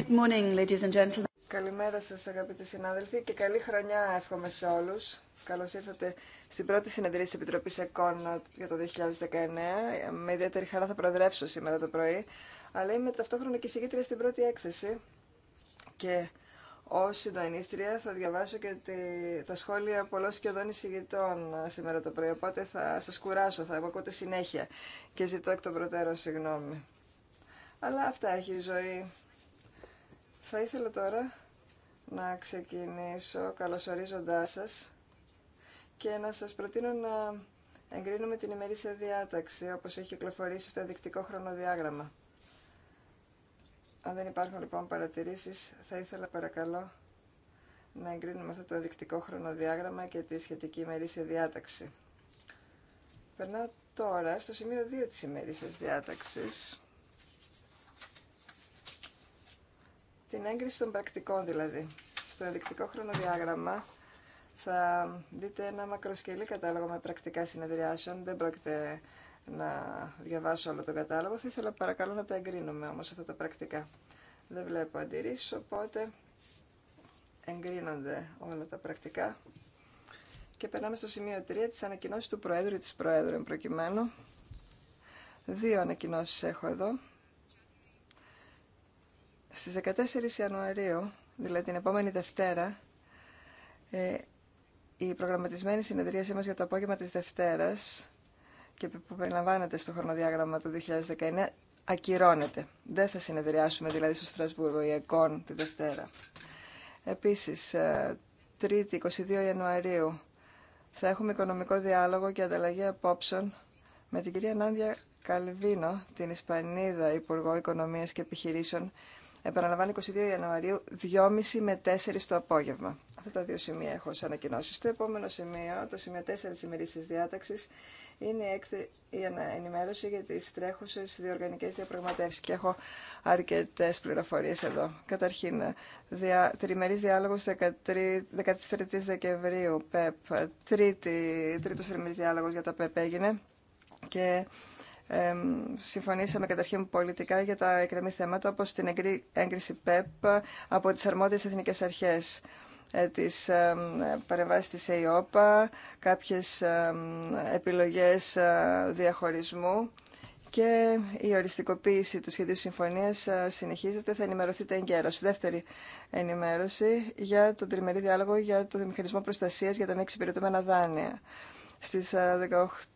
Good morning, ladies and gentlemen. Καλημέρα σας αγαπητοί συνάδελφοι και καλή χρονιά εύχομαι σε όλους. Καλώς ήρθατε στην πρώτη συνεδρία της Επιτροπής ΕΚΟΝ για το 2019. Με ιδιαίτερη χαρά θα προεδρεύσω σήμερα το πρωί, αλλά είμαι ταυτόχρονα και συγκήτρια στην πρώτη έκθεση και Ω συντονίστρια θα διαβάσω και τα σχόλια πολλών σχεδόν εισηγητών σήμερα το πρωί, οπότε θα σας κουράσω, θα μου ακούτε συνέχεια και ζητώ εκ των προτέρων συγγνώμη. Αλλά αυτά έχει η ζωή. Θα ήθελα τώρα να ξεκινήσω καλωσορίζοντάς σας και να σας προτείνω να εγκρίνουμε την ημερήσια διάταξη όπως έχει κυκλοφορήσει στο δεικτικό χρονοδιάγραμμα. Αν δεν υπάρχουν λοιπόν παρατηρήσεις, θα ήθελα παρακαλώ να εγκρίνουμε αυτό το δεικτικό χρονοδιάγραμμα και τη σχετική ημερήσια διάταξη. Περνάω τώρα στο σημείο 2 της ημερήσιας διάταξης την έγκριση των πρακτικών δηλαδή. Στο ενδεικτικό χρονοδιάγραμμα θα δείτε ένα μακροσκελή κατάλογο με πρακτικά συνεδριάσεων. Δεν πρόκειται να διαβάσω όλο τον κατάλογο. Θα ήθελα παρακαλώ να τα εγκρίνουμε όμως αυτά τα πρακτικά. Δεν βλέπω αντιρρήσεις, οπότε εγκρίνονται όλα τα πρακτικά. Και περνάμε στο σημείο 3 της ανακοινώσης του Προέδρου ή της Προέδρου, προκειμένου. Δύο ανακοινώσεις έχω εδώ. Στις 14 Ιανουαρίου, δηλαδή την επόμενη Δευτέρα, ε, η προγραμματισμένη συνεδρίασή μας για το απόγευμα της Δευτέρας και που περιλαμβάνεται στο χρονοδιάγραμμα του 2019, ακυρώνεται. Δεν θα συνεδριάσουμε δηλαδή στο Στρασβούργο ή ΕΚΟΝ τη Δευτέρα. Επίσης, 3η ε, 22 Ιανουαρίου θα έχουμε οικονομικό διάλογο και ανταλλαγή απόψεων με την κυρία Νάντια Καλβίνο, την Ισπανίδα Υπουργό Οικονομίας και Επιχειρήσεων, επαναλαμβάνω 22 Ιανουαρίου, 2.30 με 4 το απόγευμα. Αυτά τα δύο σημεία έχω σαν ανακοινώσει. Το επόμενο σημείο, το σημείο 4 της ημερήσης διάταξης, είναι η ενημέρωση για τις τρέχουσες διοργανικές διαπραγματεύσεις και έχω αρκετές πληροφορίες εδώ. Καταρχήν, δια, τριμερής διάλογος 13, 13 Δεκεμβρίου, ΠΕΠ, τρίτη, τρίτος για τα ΠΕΠ έγινε και συμφωνήσαμε καταρχήν πολιτικά για τα εκκρεμή θέματα όπως την έγκριση ΠΕΠ από τις αρμόδιες εθνικές αρχές ε, της παρεμβάσεις της ΕΙΟΠΑ, κάποιες επιλογές ε, διαχωρισμού και η οριστικοποίηση του σχεδίου συμφωνίας ε, συνεχίζεται. Θα ενημερωθείτε εγκαίρως. Δεύτερη ενημέρωση για τον τριμερή διάλογο για το μηχανισμό προστασίας για τα μη εξυπηρετούμενα δάνεια. Στις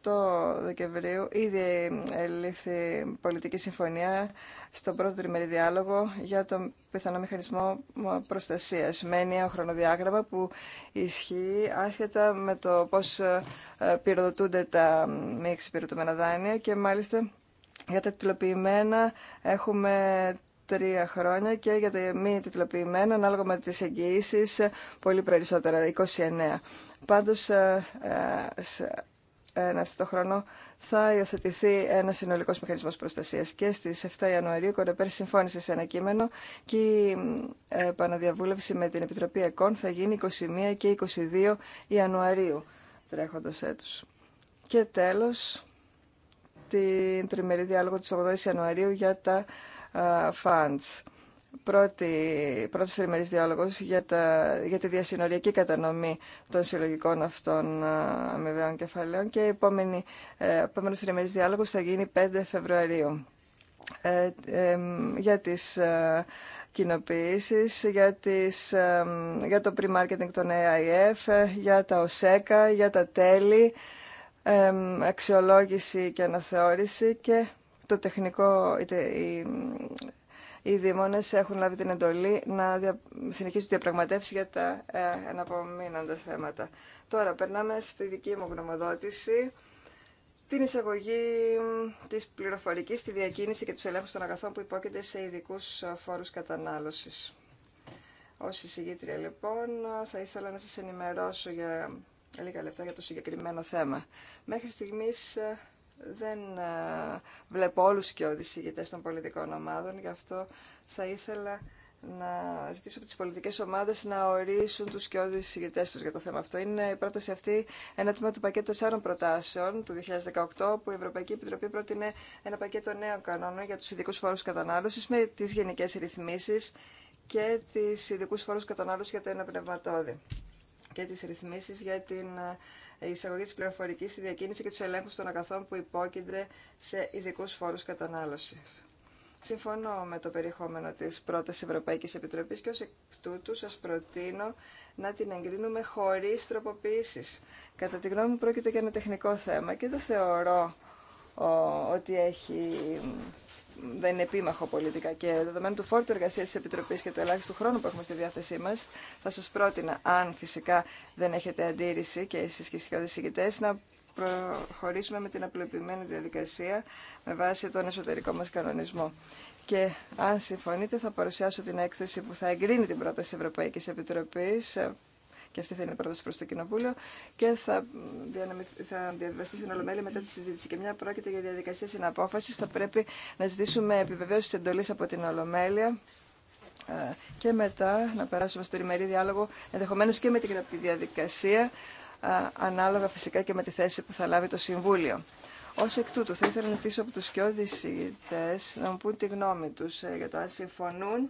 18 ε, Δεκεμβρίου ήδη ελήφθη πολιτική συμφωνία στον πρώτο τριμερή διάλογο για τον πιθανό μηχανισμό προστασίας με ο χρονοδιάγραμμα που ισχύει άσχετα με το πώς ε, πυροδοτούνται τα μη εξυπηρετούμενα δάνεια και μάλιστα για τα τυλοποιημένα έχουμε τρία χρόνια και για τα μη τυλοποιημένα ανάλογα με τις εγγυήσεις ε, πολύ περισσότερα, 29. Πάντως, ε, ε, ένα χρόνο θα υιοθετηθεί ένα συνολικό μηχανισμό προστασία. Και στι 7 Ιανουαρίου, η Κορεπέρ συμφώνησε σε ένα κείμενο και η ε, επαναδιαβούλευση με την Επιτροπή ΕΚΟΝ θα γίνει 21 και 22 Ιανουαρίου τρέχοντο έτου. Και τέλο, την τριμερή διάλογο τη 8 Ιανουαρίου για τα funds πρώτη, πρώτος τριμερής διάλογος για, τα, για τη διασυνοριακή κατανομή των συλλογικών αυτών αμοιβαίων κεφαλαίων και ο επόμενη, ε, επόμενος τριμερής διάλογος θα γίνει 5 Φεβρουαρίου. Ε, για τις ε, κοινοποιήσεις, για, τις, ε, για το pre-marketing των AIF, για τα ΟΣΕΚΑ, για τα τέλη, αξιολόγηση και αναθεώρηση και το τεχνικό, οι δήμονες έχουν λάβει την εντολή να συνεχίσουν τη διαπραγματεύση για τα αναπομείναντα ε, θέματα. Τώρα, περνάμε στη δική μου γνωμοδότηση την εισαγωγή τη πληροφορική τη διακίνηση και του ελέγχου των αγαθών που υπόκειται σε ειδικού ε, φόρου κατανάλωση. Ω εισηγήτρια, λοιπόν, θα ήθελα να σα ενημερώσω για λίγα λεπτά για το συγκεκριμένο θέμα. Μέχρι στιγμής ε, δεν ε, βλέπω όλους και ηγητές των πολιτικών ομάδων, γι' αυτό θα ήθελα να ζητήσω από τις πολιτικές ομάδες να ορίσουν τους και ηγετές τους για το θέμα αυτό. Είναι η πρόταση αυτή ένα τμήμα του πακέτου τεσσάρων προτάσεων του 2018 που η Ευρωπαϊκή Επιτροπή πρότεινε ένα πακέτο νέων κανόνων για τους ειδικού φόρους κατανάλωσης με τις γενικές ρυθμίσεις και τις ειδικού φόρους κατανάλωσης για τα εναπνευματόδη και τις ρυθμίσεις για την ε, εισαγωγή τη πληροφορική στη διακίνηση και του ελέγχου των αγαθών που υπόκεινται σε ειδικού φόρου κατανάλωση. Συμφωνώ με το περιεχόμενο τη πρώτη Ευρωπαϊκή Επιτροπή και ω εκ τούτου σα προτείνω να την εγκρίνουμε χωρί τροποποιήσει. Κατά τη γνώμη μου, πρόκειται για ένα τεχνικό θέμα και δεν θεωρώ ότι έχει δεν είναι επίμαχο πολιτικά και δεδομένου του φόρτου εργασία τη Επιτροπή και του ελάχιστου χρόνου που έχουμε στη διάθεσή μα, θα σα πρότεινα, αν φυσικά δεν έχετε αντίρρηση και εσεί και οι σχεδόν να προχωρήσουμε με την απλοποιημένη διαδικασία με βάση τον εσωτερικό μας κανονισμό. Και αν συμφωνείτε θα παρουσιάσω την έκθεση που θα εγκρίνει την πρόταση Ευρωπαϊκής Επιτροπής και αυτή θα είναι η πρόταση προ το Κοινοβούλιο και θα, θα διαβιβαστεί στην Ολομέλεια μετά τη συζήτηση. Και μια πρόκειται για διαδικασία συναπόφαση, θα πρέπει να ζητήσουμε επιβεβαίωση τη εντολή από την Ολομέλεια ε, και μετά να περάσουμε στο τριμερή διάλογο, ενδεχομένω και με την διαδικασία, ε, ανάλογα φυσικά και με τη θέση που θα λάβει το Συμβούλιο. Ω εκ τούτου, θα ήθελα να ζητήσω από του κοιόδη να μου πούν τη γνώμη του ε, για το αν συμφωνούν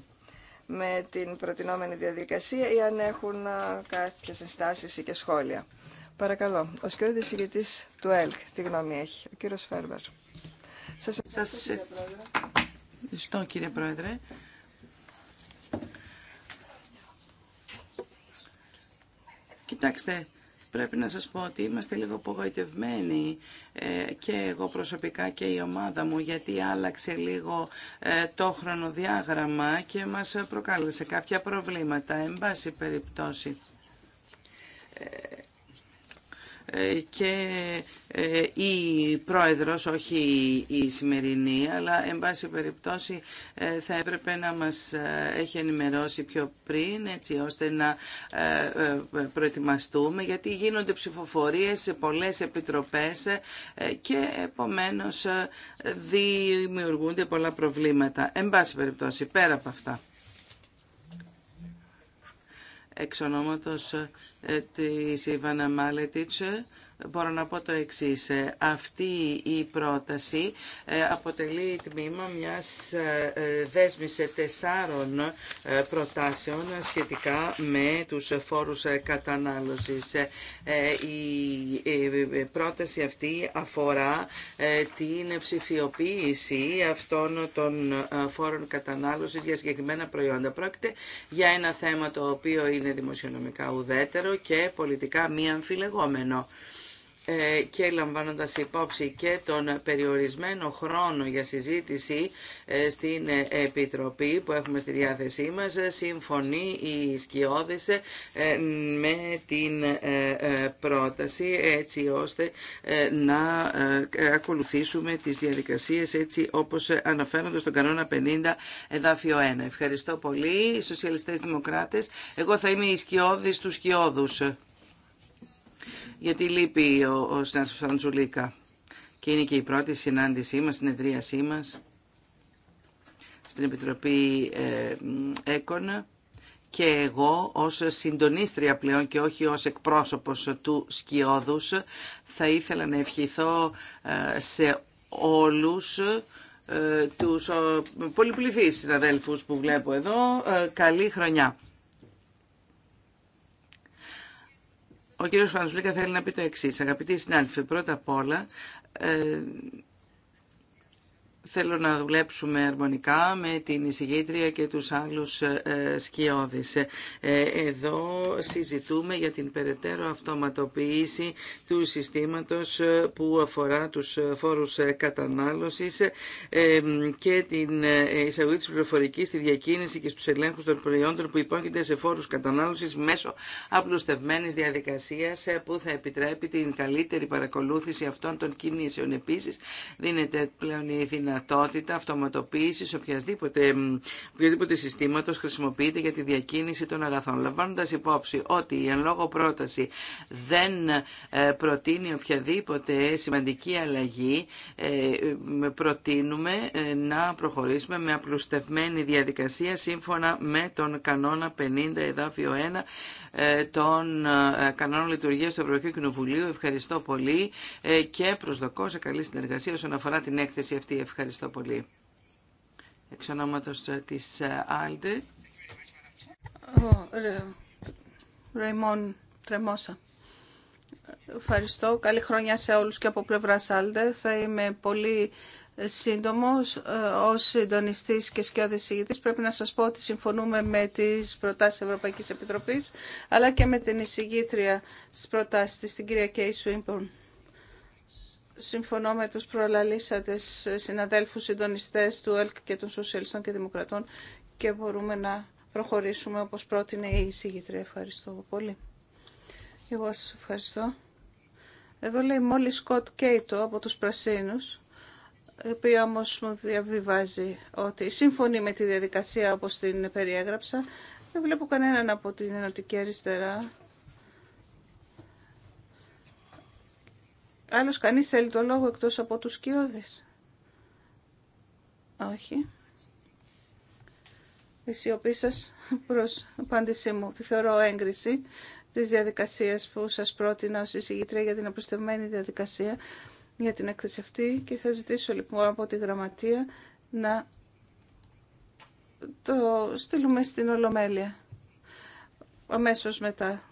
με την προτινόμενη διαδικασία ή αν έχουν κάποιες ενστάσεις ή και σχόλια. Παρακαλώ, ο σκιώδης ηγητής του ΕΛΚ, τι γνώμη έχει, ο κύριο Φέρμπερ. Σας ευχαριστώ κύριε Ευχαριστώ κύριε Πρόεδρε. Κοιτάξτε, Πρέπει να σας πω ότι είμαστε λίγο απογοητευμένοι ε, και εγώ προσωπικά και η ομάδα μου γιατί άλλαξε λίγο ε, το χρονοδιάγραμμα και μας προκάλεσε κάποια προβλήματα, εν πάση περιπτώσει. Ε, ε, και ε, η πρόεδρος, όχι η σημερινή, αλλά εν πάση περιπτώσει ε, θα έπρεπε να μας έχει ενημερώσει πιο πριν έτσι ώστε να προετοιμαστούμε γιατί γίνονται ψηφοφορίες σε πολλές επιτροπές και επομένως δημιουργούνται πολλά προβλήματα. Εν πάση περιπτώσει, πέρα από αυτά εξ ονόματος ε, της Ιβανα Μάλετιτς ε, μπορώ να πω το εξής. Ε, αυτή η πρόταση ε, αποτελεί τμήμα μιας ε, δέσμης τεσσάρων προτάσεων σχετικά με τους φόρους κατανάλωσης. Η πρόταση αυτή αφορά την ψηφιοποίηση αυτών των φόρων κατανάλωσης για συγκεκριμένα προϊόντα. Πρόκειται για ένα θέμα το οποίο είναι δημοσιονομικά ουδέτερο και πολιτικά μη αμφιλεγόμενο. Ε, και λαμβάνοντας υπόψη και τον περιορισμένο χρόνο για συζήτηση ε, στην Επιτροπή που έχουμε στη διάθεσή μας, ε, συμφωνεί η Σκιώδης με την πρόταση έτσι ώστε να ακολουθήσουμε τις διαδικασίες έτσι όπως αναφέρονται στον κανόνα 50 εδάφιο 1. Ευχαριστώ πολύ, οι Σοσιαλιστές Δημοκράτες. Εγώ θα είμαι η Σκιώδης του Σκιώδους γιατί λείπει ο, ο συνάδελφος Και είναι και η πρώτη συνάντησή μας, συνεδρίασή μας στην Επιτροπή ε, Έκονα και εγώ ως συντονίστρια πλέον και όχι ως εκπρόσωπος του Σκιώδους θα ήθελα να ευχηθώ ε, σε όλους ε, τους ε, πολυπληθείς συναδέλφους που βλέπω εδώ καλή χρονιά. Ο κύριος Φανασβλίκα θέλει να πει το εξής. Αγαπητοί συνάδελφοι, πρώτα απ' όλα ε, Θέλω να δουλέψουμε αρμονικά με την εισηγήτρια και τους άλλους ε, σκιώδεις. Ε, εδώ συζητούμε για την περαιτέρω αυτοματοποίηση του συστήματος ε, που αφορά τους φόρους κατανάλωσης και την εισαγωγή της πληροφορικής στη διακίνηση και στους ελέγχους των προϊόντων που υπόκειται σε φόρους κατανάλωσης μέσω απλουστευμένης διαδικασίας που θα επιτρέπει την καλύτερη παρακολούθηση αυτών των κινήσεων. Επίσης, δίνεται πλέον η δυνατότητα δυνατότητα αυτοματοποίησης οποιασδήποτε, οποιασδήποτε συστήματος χρησιμοποιείται για τη διακίνηση των αγαθών. Λαμβάνοντα υπόψη ότι η εν λόγω πρόταση δεν ε, προτείνει οποιαδήποτε σημαντική αλλαγή, ε, προτείνουμε ε, να προχωρήσουμε με απλουστευμένη διαδικασία σύμφωνα με τον κανόνα 50 εδάφιο 1 ε, των ε, κανόνων λειτουργίας του Ευρωπαϊκού Κοινοβουλίου. Ευχαριστώ πολύ ε, και προσδοκώ σε καλή συνεργασία όσον αφορά την έκθεση αυτή. Ευχαριστώ πολύ. Εξ ονόματος της Άλντε. Ρεϊμόν Τρεμόσα. Ευχαριστώ. Καλή χρονιά σε όλους και από πλευρά Άλντε. Θα είμαι πολύ σύντομος. Ε, ως συντονιστής και σκιώδης ηγητής πρέπει να σας πω ότι συμφωνούμε με τις προτάσεις Ευρωπαϊκής Επιτροπής αλλά και με την εισηγήτρια στις προτάσεις της, την κυρία Κέι Σουίμπορν. Συμφωνώ με τους προλαλήσατες συναδέλφους συντονιστές του ΕΛΚ και των Σοσιαλιστών και Δημοκρατών και μπορούμε να προχωρήσουμε όπως πρότεινε η εισηγήτρια. Ευχαριστώ πολύ. Εγώ σας ευχαριστώ. Εδώ λέει μόλις Σκοτ Κέιτο από τους Πρασίνους η οποία όμως μου διαβιβάζει ότι σύμφωνοι με τη διαδικασία όπως την περιέγραψα, δεν βλέπω κανέναν από την ενωτική αριστερά. Άλλος κανείς θέλει το λόγο εκτός από τους κοιόδες. Όχι. Η σιωπή προς απάντησή μου. Τη θεωρώ έγκριση της διαδικασίας που σας πρότεινα ως εισηγήτρια για την αποστευμένη διαδικασία για την έκθεση αυτή και θα ζητήσω λοιπόν από τη Γραμματεία να το στείλουμε στην Ολομέλεια αμέσως μετά.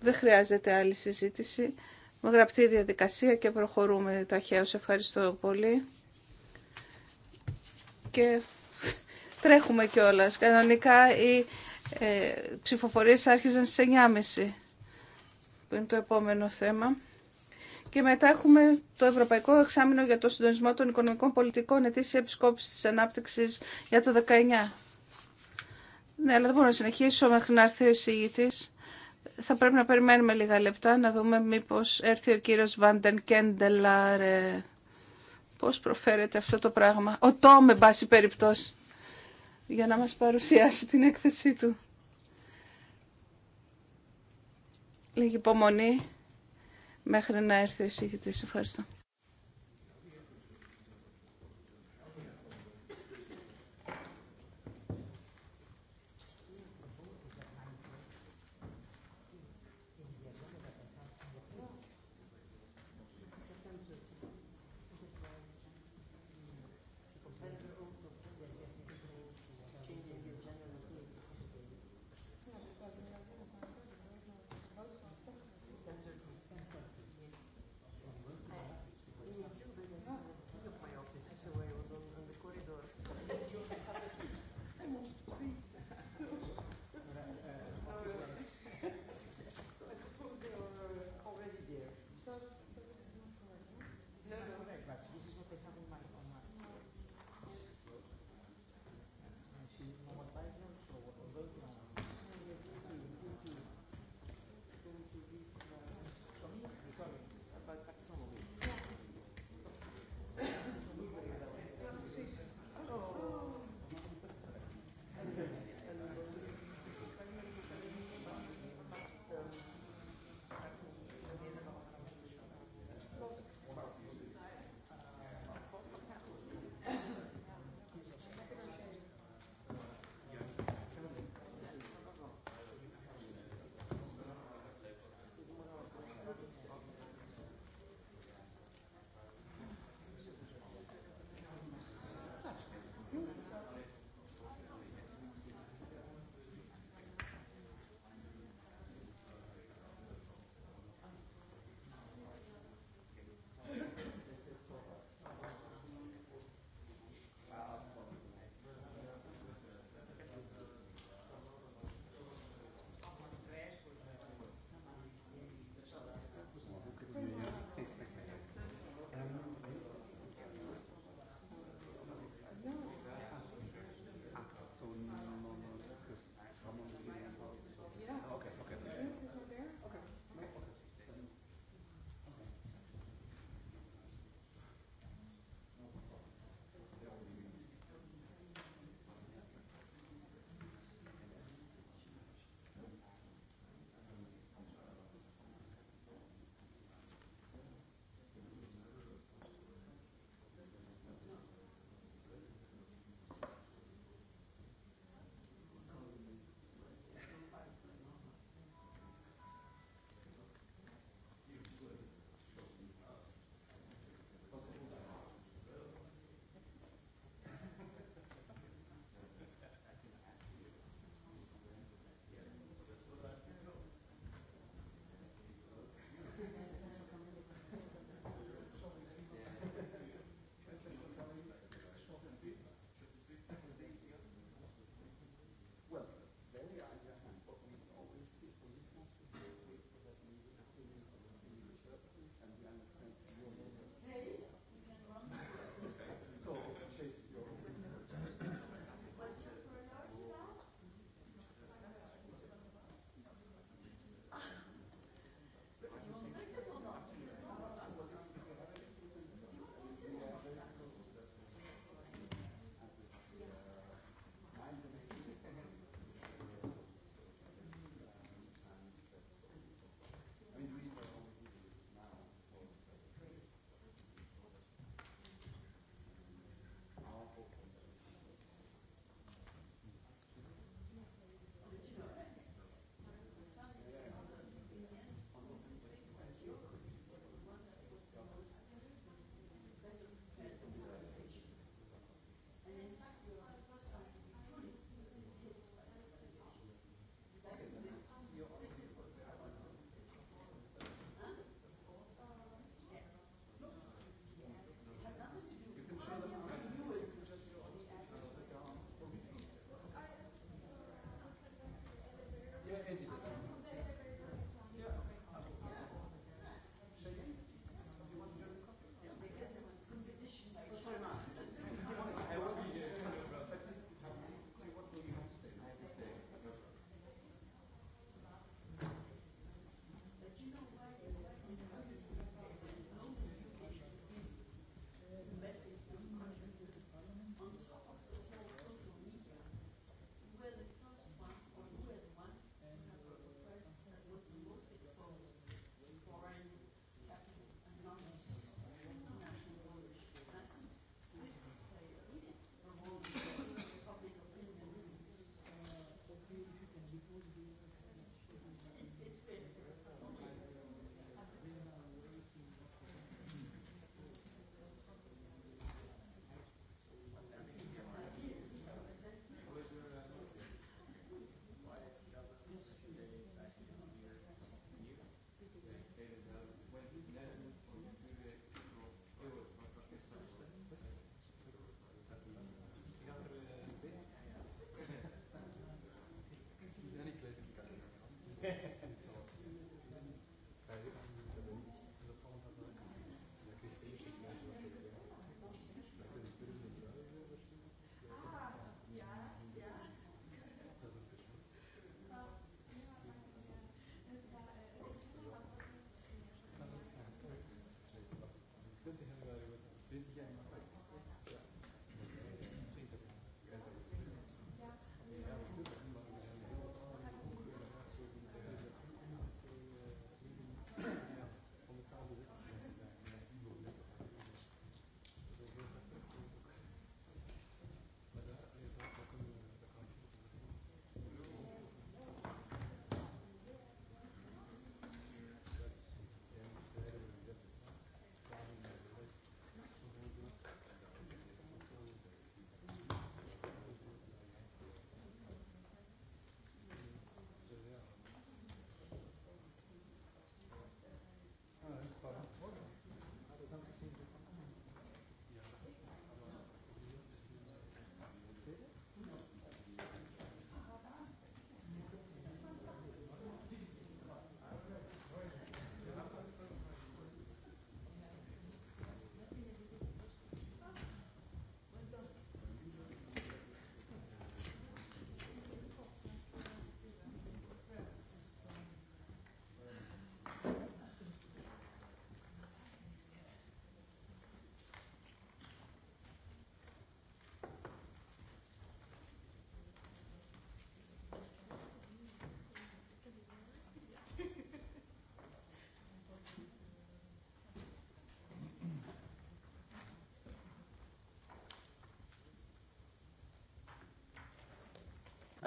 Δεν χρειάζεται άλλη συζήτηση. Με γραπτή διαδικασία και προχωρούμε ταχαίως. Ευχαριστώ πολύ. Και τρέχουμε κιόλα. Κανονικά οι ε, ψηφοφορίες άρχιζαν στις 9.30. Που είναι το επόμενο θέμα. Και μετά έχουμε το Ευρωπαϊκό Εξάμεινο για το Συντονισμό των Οικονομικών Πολιτικών, ετήσια επισκόπηση της ανάπτυξης για το 19. Ναι, αλλά δεν μπορώ να συνεχίσω μέχρι να έρθει ο εισηγητής. Θα πρέπει να περιμένουμε λίγα λεπτά να δούμε μήπως έρθει ο κύριος Βαντεν Κέντελαρε. Πώς προφέρεται αυτό το πράγμα. Ο Τόμ, με περιπτώσει, για να μας παρουσιάσει την έκθεσή του. Λίγη υπομονή μέχρι να έρθει η τη. Ευχαριστώ.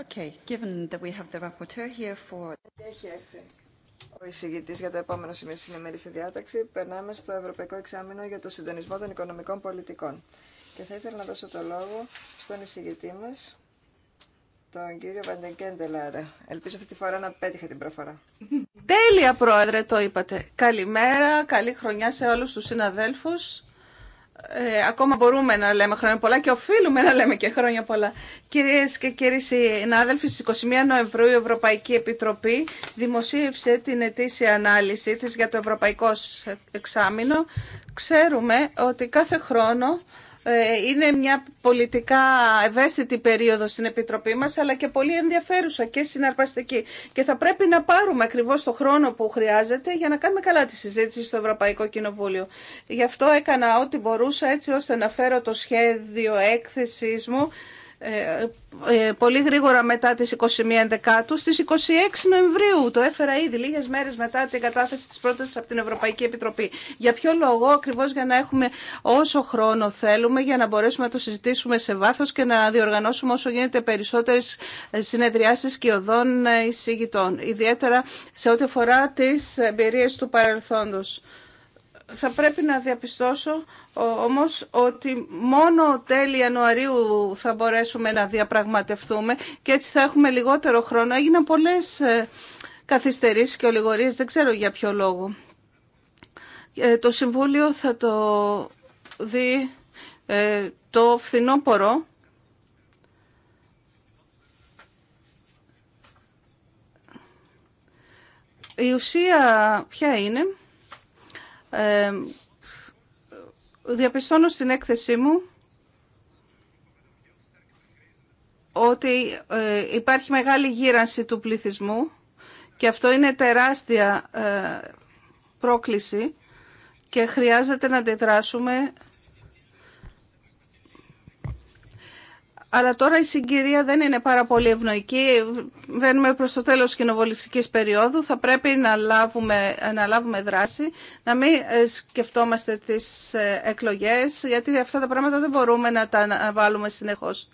Okay, given that we have the rapporteur here for... Έχει έρθει ο εισηγητής για το επόμενο σημείο της συνημερής διάταξη. Περνάμε στο Ευρωπαϊκό Εξάμεινο για το συντονισμό των οικονομικών πολιτικών. Και θα ήθελα να δώσω το λόγο στον εισηγητή μας, τον κύριο Βαντεγκέντελαρα. Ελπίζω αυτή τη φορά να πέτυχα την προφορά. Τέλεια, Πρόεδρε, το είπατε. Καλημέρα, καλή χρονιά σε όλους τους συναδέλφους. Ε, ακόμα μπορούμε να λέμε χρόνια πολλά και οφείλουμε να λέμε και χρόνια πολλά. Κυρίες και κύριοι συνάδελφοι, στι 21 Νοεμβρίου η Ευρωπαϊκή Επιτροπή δημοσίευσε την ετήσια ανάλυση τη για το Ευρωπαϊκό Εξάμεινο. Ξέρουμε ότι κάθε χρόνο ε, είναι μια πολιτικά ευαίσθητη περίοδο στην Επιτροπή μας, αλλά και πολύ ενδιαφέρουσα και συναρπαστική. Και θα πρέπει να πάρουμε ακριβώς το χρόνο που χρειάζεται για να κάνουμε καλά τη συζήτηση στο Ευρωπαϊκό Κοινοβούλιο. Γι' αυτό έκανα ό,τι μπορούσα έτσι ώστε να φέρω το σχέδιο έκθεσής μου ε, ε, πολύ γρήγορα μετά τις 21 Δεκάτου στις 26 Νοεμβρίου. Το έφερα ήδη λίγες μέρες μετά την κατάθεση της πρότασης από την Ευρωπαϊκή Επιτροπή. Για ποιο λόγο, ακριβώς για να έχουμε όσο χρόνο θέλουμε για να μπορέσουμε να το συζητήσουμε σε βάθος και να διοργανώσουμε όσο γίνεται περισσότερες ε, συνεδριάσεις και οδών εισηγητών. Ιδιαίτερα σε ό,τι αφορά τις εμπειρίες του παρελθόντος θα πρέπει να διαπιστώσω όμως ότι μόνο τέλη Ιανουαρίου θα μπορέσουμε να διαπραγματευτούμε και έτσι θα έχουμε λιγότερο χρόνο. Έγιναν πολλές ε, καθυστερήσεις και ολιγορίες, δεν ξέρω για ποιο λόγο. Ε, το Συμβούλιο θα το δει ε, το φθινόπωρο. Η ουσία ποια είναι... Ε, διαπιστώνω στην έκθεσή μου ότι ε, υπάρχει μεγάλη γύρανση του πληθυσμού και αυτό είναι τεράστια ε, πρόκληση και χρειάζεται να αντιδράσουμε Αλλά τώρα η συγκυρία δεν είναι πάρα πολύ ευνοϊκή. Βαίνουμε προς το τέλος τη περίοδου. Θα πρέπει να λάβουμε, να λάβουμε δράση, να μην ε, σκεφτόμαστε τι ε, εκλογές, γιατί αυτά τα πράγματα δεν μπορούμε να τα βάλουμε συνεχώς.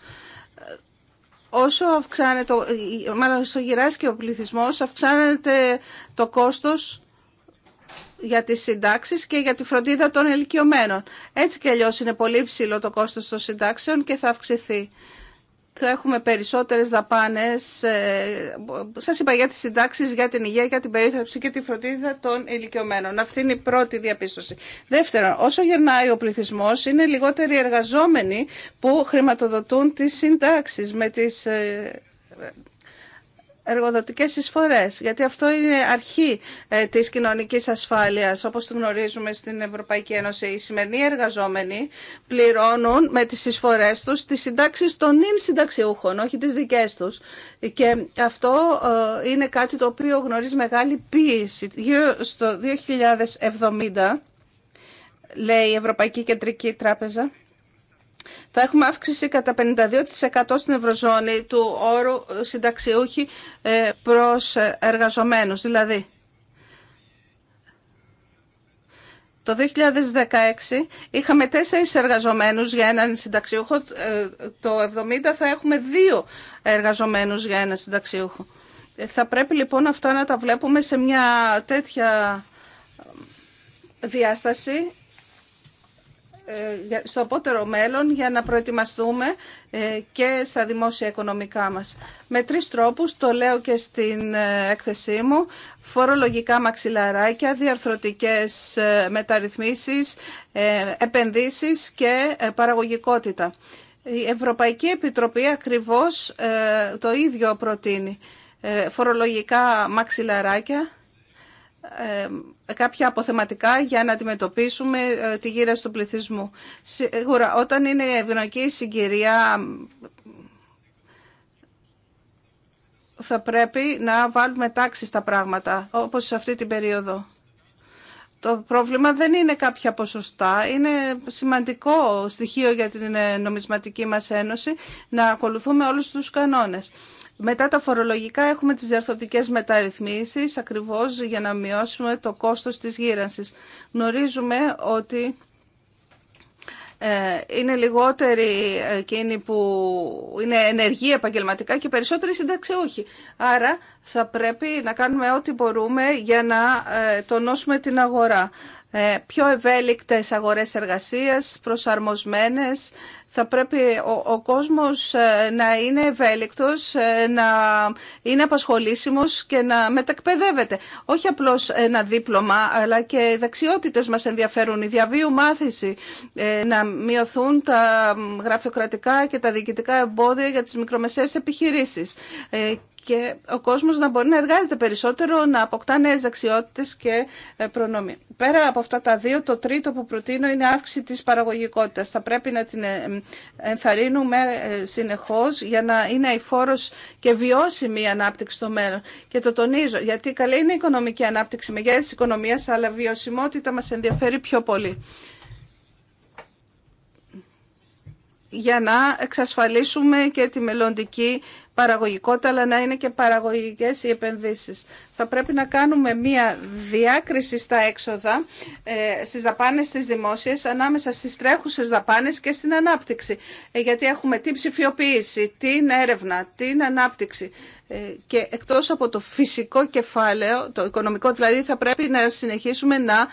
Όσο αυξάνεται, μάλλον στο γυράσκει ο πληθυσμό, αυξάνεται το κόστος για τις συντάξεις και για τη φροντίδα των ηλικιωμένων. Έτσι και αλλιώς είναι πολύ ψηλό το κόστος των συντάξεων και θα αυξηθεί. Θα έχουμε περισσότερες δαπάνες, ε, σας είπα για τις συντάξεις, για την υγεία, για την περίθαλψη και τη φροντίδα των ηλικιωμένων. Αυτή είναι η πρώτη διαπίστωση. Δεύτερον, όσο γεννάει ο πληθυσμός, είναι λιγότεροι εργαζόμενοι που χρηματοδοτούν τις συντάξεις με τις ε, εργοδοτικές εισφορές, γιατί αυτό είναι αρχή ε, της κοινωνικής ασφάλειας, όπως το γνωρίζουμε στην Ευρωπαϊκή Ένωση. Οι σημερινοί εργαζόμενοι πληρώνουν με τις εισφορές τους τις συντάξεις των νυν συνταξιούχων, όχι τις δικές τους. Και αυτό ε, είναι κάτι το οποίο γνωρίζει μεγάλη πίεση. Γύρω στο 2070, λέει η Ευρωπαϊκή Κεντρική Τράπεζα, θα έχουμε αύξηση κατά 52% στην Ευρωζώνη του όρου συνταξιούχη ε, προς ε, εργαζομένους. Δηλαδή, το 2016 είχαμε τέσσερις εργαζομένους για έναν συνταξιούχο, ε, το 70 θα έχουμε δύο εργαζομένους για έναν συνταξιούχο. Θα πρέπει λοιπόν αυτά να τα βλέπουμε σε μια τέτοια διάσταση ε, στο απότερο μέλλον για να προετοιμαστούμε ε, και στα δημόσια οικονομικά μας. Με τρεις τρόπους, το λέω και στην ε, έκθεσή μου, φορολογικά μαξιλαράκια, διαρθρωτικές μεταρρυθμίσεις, επενδύσεις και παραγωγικότητα. Η Ευρωπαϊκή Επιτροπή ακριβώς το ίδιο προτείνει. Φορολογικά μαξιλαράκια ε, κάποια αποθεματικά για να αντιμετωπίσουμε ε, τη γύρα του πληθυσμού. Σίγουρα, όταν είναι ευγνωκή η συγκυρία, θα πρέπει να βάλουμε τάξη στα πράγματα, όπως σε αυτή την περίοδο. Το πρόβλημα δεν είναι κάποια ποσοστά, είναι σημαντικό στοιχείο για την ε, νομισματική μας ένωση να ακολουθούμε όλους τους κανόνες. Μετά τα φορολογικά έχουμε τις διαρθρωτικές μεταρρυθμίσεις ακριβώς για να μειώσουμε το κόστος της γύρανσης. Γνωρίζουμε ότι ε, είναι λιγότεροι ε, εκείνοι που είναι ενεργοί επαγγελματικά και περισσότεροι συνταξιούχοι. Άρα θα πρέπει να κάνουμε ό,τι μπορούμε για να ε, τονώσουμε την αγορά. Πιο ευέλικτες αγορές εργασίας, προσαρμοσμένες θα πρέπει ο, ο κόσμος ε, να είναι ευέλικτος, ε, να είναι απασχολήσιμος και να μετακπαιδεύεται. Όχι απλώς ένα δίπλωμα, αλλά και οι δεξιότητες μας ενδιαφέρουν, η διαβίου μάθηση, ε, να μειωθούν τα γραφειοκρατικά και τα διοικητικά εμπόδια για τις μικρομεσαίες επιχειρήσεις και ο κόσμος να μπορεί να εργάζεται περισσότερο, να αποκτά νέες δεξιότητες και προνόμια. Πέρα από αυτά τα δύο, το τρίτο που προτείνω είναι αύξηση της παραγωγικότητας. Θα πρέπει να την ενθαρρύνουμε ε, συνεχώς για να είναι η φόρος και βιώσιμη η ανάπτυξη στο μέλλον. Και το τονίζω, γιατί καλή είναι η οικονομική ανάπτυξη μεγέθη τη οικονομίας, αλλά βιωσιμότητα μας ενδιαφέρει πιο πολύ. για να εξασφαλίσουμε και τη μελλοντική παραγωγικότητα, αλλά να είναι και παραγωγικές οι επενδύσεις. Θα πρέπει να κάνουμε μία διάκριση στα έξοδα, ε, στις δαπάνες της δημόσιας, ανάμεσα στις τρέχουσες δαπάνες και στην ανάπτυξη. Ε, γιατί έχουμε την ψηφιοποίηση, την έρευνα, την ανάπτυξη. Ε, και εκτός από το φυσικό κεφάλαιο, το οικονομικό δηλαδή, θα πρέπει να συνεχίσουμε να